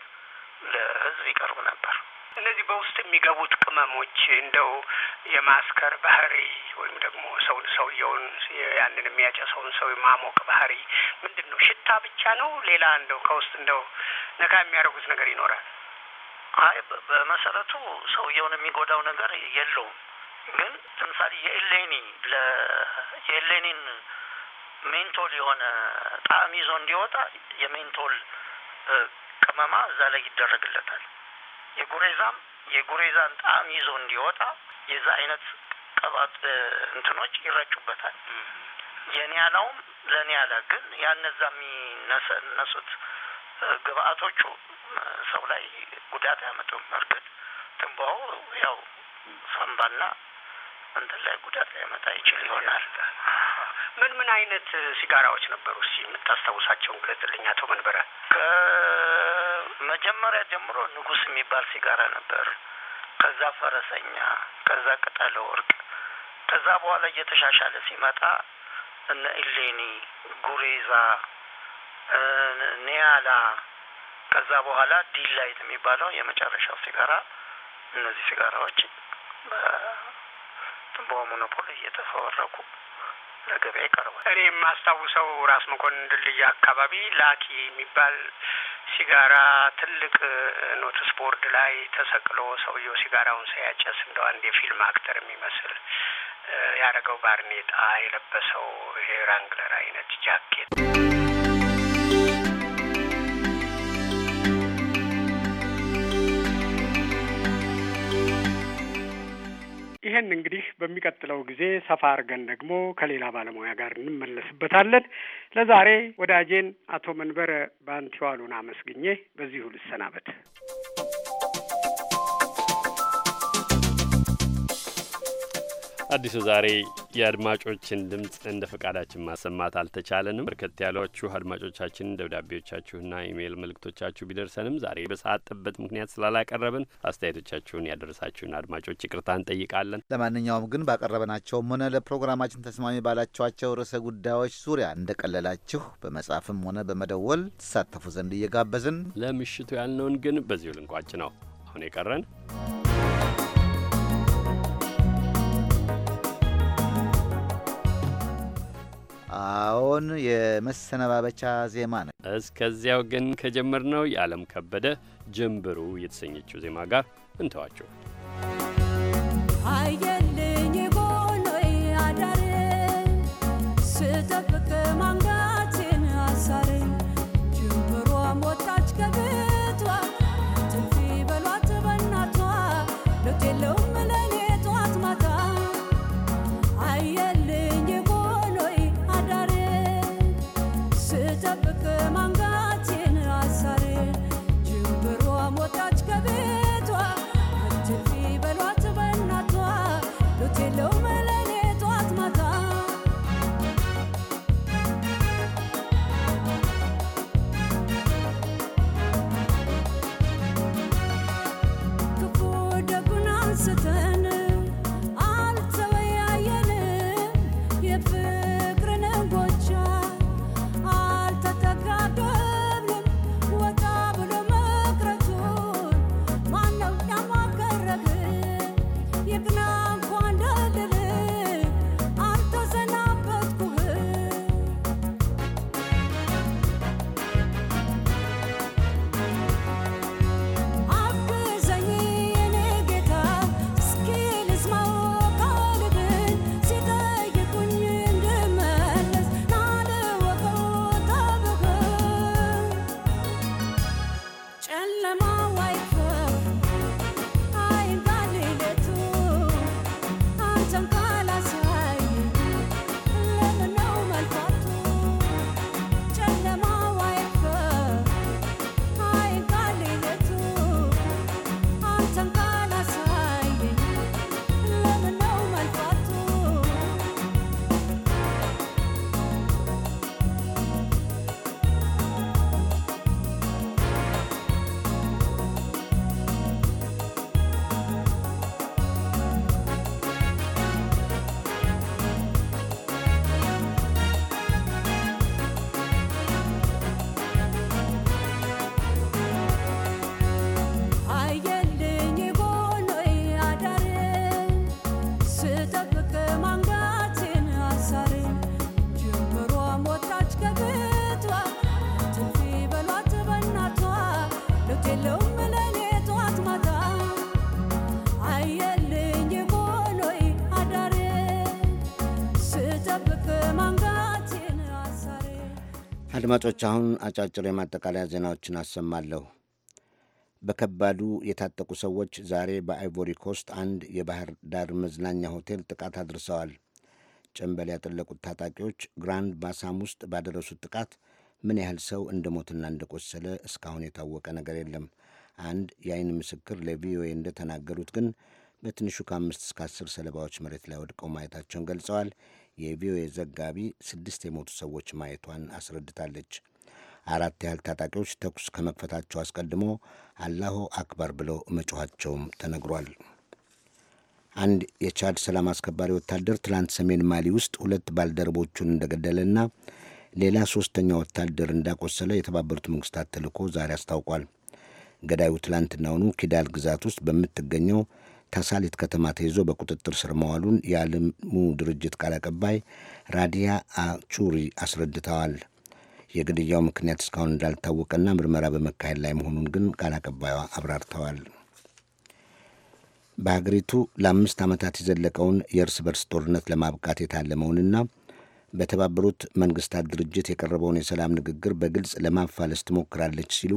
ለህዝብ ይቀርቡ ነበር። እነዚህ በውስጥ የሚገቡት ቅመሞች እንደው የማስከር ባህሪ ወይም ደግሞ ሰውን ሰውየውን ያንን የሚያጨሰውን ሰው የማሞቅ ባህሪ ምንድን ነው? ሽታ ብቻ ነው? ሌላ እንደው ከውስጥ እንደው ነካ የሚያደርጉት ነገር ይኖራል? አይ በመሰረቱ ሰውየውን የሚጎዳው ነገር የለውም። ግን ለምሳሌ የኤሌኒ የኤሌኒን ሜንቶል የሆነ ጣዕም ይዞ እንዲወጣ የሜንቶል ቅመማ እዛ ላይ ይደረግለታል። የጉሬዛም የጉሬዛን ጣዕም ይዞ እንዲወጣ የዛ አይነት ቅባት እንትኖች ይረጩበታል። የኒያላውም ለኒያላ ግን ያነዛ የሚነሱት ግብአቶቹ ሰው ላይ ጉዳት አያመጡም። እርግጥ ትንባሆ ያው ሳምባና እንትን ላይ ጉዳት ሊያመጣ ይችል ይሆናል። ምን ምን አይነት ሲጋራዎች ነበሩ? እስኪ የምታስታውሳቸውን ግለጽልኝ አቶ መንበረ። ከመጀመሪያ ጀምሮ ንጉስ የሚባል ሲጋራ ነበር፣ ከዛ ፈረሰኛ፣ ከዛ ቅጠለ ወርቅ። ከዛ በኋላ እየተሻሻለ ሲመጣ እነ ኢሌኒ፣ ጉሬዛ፣ ኒያላ ከዛ በኋላ ዲላይት የሚባለው የመጨረሻው ሲጋራ። እነዚህ ሲጋራዎች በሞኖፖሊ እየተፈወረቁ ለገበያ ይቀርባል። እኔ የማስታውሰው ራስ መኮንን ድልድይ አካባቢ ላኪ የሚባል ሲጋራ ትልቅ ኖትስ ቦርድ ላይ ተሰቅሎ ሰውየው ሲጋራውን ሳያጨስ እንደ አንድ የፊልም አክተር የሚመስል ያደረገው ባርኔጣ የለበሰው ይሄ ራንግለር አይነት ጃኬት ይሄን እንግዲህ በሚቀጥለው ጊዜ ሰፋ አድርገን ደግሞ ከሌላ ባለሙያ ጋር እንመለስበታለን። ለዛሬ ወዳጄን አቶ መንበረ ባንቲዋሉን አመስግኜ በዚሁ ልሰናበት። አዲሱ ዛሬ የአድማጮችን ድምፅ እንደ ፈቃዳችን ማሰማት አልተቻለንም። በርከት ያሏችሁ አድማጮቻችን ደብዳቤዎቻችሁና ኢሜይል መልእክቶቻችሁ ቢደርሰንም ዛሬ በሰዓት ጥበት ምክንያት ስላላቀረብን አስተያየቶቻችሁን ያደረሳችሁን አድማጮች ይቅርታ እንጠይቃለን። ለማንኛውም ግን ባቀረብናቸውም ሆነ ለፕሮግራማችን ተስማሚ ባላችኋቸው ርዕሰ ጉዳዮች ዙሪያ እንደቀለላችሁ በመጻፍም ሆነ በመደወል ትሳተፉ ዘንድ እየጋበዝን ለምሽቱ ያልነውን ግን በዚሁ ልንቋጭ ነው። አሁን የቀረን አዎን የመሰነባበቻ ዜማ ነው። እስከዚያው ግን ከጀመርነው የዓለም ከበደ ጀንበሩ የተሰኘችው ዜማ ጋር እንተዋቸው። አየልኝ ቦሎይ አዳር hello አድማጮች አሁን አጫጭር የማጠቃለያ ዜናዎችን አሰማለሁ። በከባዱ የታጠቁ ሰዎች ዛሬ በአይቮሪ ኮስት አንድ የባህር ዳር መዝናኛ ሆቴል ጥቃት አድርሰዋል። ጭንበል ያጠለቁት ታጣቂዎች ግራንድ ባሳም ውስጥ ባደረሱት ጥቃት ምን ያህል ሰው እንደሞትና እንደቆሰለ እስካሁን የታወቀ ነገር የለም። አንድ የአይን ምስክር ለቪኦኤ እንደተናገሩት ግን በትንሹ ከአምስት እስከ አስር ሰለባዎች መሬት ላይ ወድቀው ማየታቸውን ገልጸዋል። የቪኦኤ ዘጋቢ ስድስት የሞቱ ሰዎች ማየቷን አስረድታለች። አራት ያህል ታጣቂዎች ተኩስ ከመክፈታቸው አስቀድሞ አላሁ አክባር ብለው መጮኋቸውም ተነግሯል። አንድ የቻድ ሰላም አስከባሪ ወታደር ትላንት ሰሜን ማሊ ውስጥ ሁለት ባልደረቦቹን እንደገደለና ሌላ ሶስተኛ ወታደር እንዳቆሰለ የተባበሩት መንግስታት ተልዕኮ ዛሬ አስታውቋል። ገዳዩ ትላንትናውኑ ኪዳል ግዛት ውስጥ በምትገኘው ከሳሊት ከተማ ተይዞ በቁጥጥር ስር መዋሉን የዓለሙ ድርጅት ቃል አቀባይ ራዲያ አቹሪ አስረድተዋል። የግድያው ምክንያት እስካሁን እንዳልታወቀና ምርመራ በመካሄድ ላይ መሆኑን ግን ቃል አቀባዩ አብራርተዋል። በሀገሪቱ ለአምስት ዓመታት የዘለቀውን የእርስ በርስ ጦርነት ለማብቃት የታለመውንና በተባበሩት መንግስታት ድርጅት የቀረበውን የሰላም ንግግር በግልጽ ለማፋለስ ትሞክራለች ሲሉ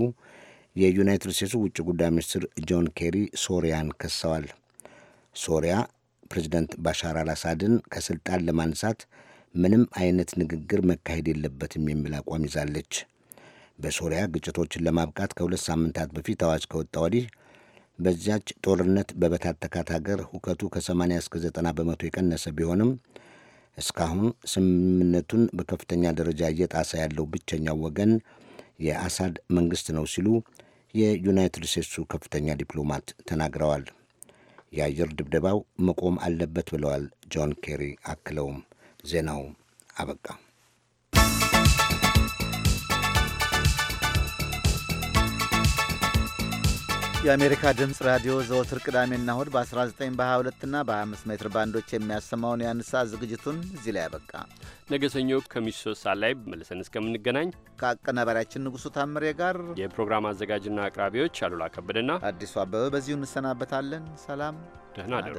የዩናይትድ ስቴትሱ ውጭ ጉዳይ ሚኒስትር ጆን ኬሪ ሶሪያን ከሰዋል። ሶሪያ ፕሬዚደንት ባሻር አልአሳድን ከስልጣን ለማንሳት ምንም አይነት ንግግር መካሄድ የለበትም የሚል አቋም ይዛለች። በሶሪያ ግጭቶችን ለማብቃት ከሁለት ሳምንታት በፊት አዋጅ ከወጣ ወዲህ በዚያች ጦርነት በበታተካት ሀገር ሁከቱ ከ80 እስከ 90 በመቶ የቀነሰ ቢሆንም እስካሁን ስምምነቱን በከፍተኛ ደረጃ እየጣሰ ያለው ብቸኛው ወገን የአሳድ መንግስት ነው ሲሉ የዩናይትድ ስቴትሱ ከፍተኛ ዲፕሎማት ተናግረዋል። የአየር ድብደባው መቆም አለበት ብለዋል ጆን ኬሪ። አክለውም ዜናው አበቃ። የአሜሪካ ድምፅ ራዲዮ ዘወትር ቅዳሜና እሁድ በ19 በ22 እና በ25 ሜትር ባንዶች የሚያሰማውን የአንሳ ዝግጅቱን እዚህ ላይ ያበቃ። ነገ ሰኞ ከምሽቱ ሶስት ሰዓት ላይ መልሰን እስከምንገናኝ ከአቀናባሪያችን ንጉሡ ታምሬ ጋር የፕሮግራም አዘጋጅና አቅራቢዎች አሉላ ከበደና አዲሱ አበበ በዚሁ እንሰናበታለን። ሰላም፣ ደህና አደሩ።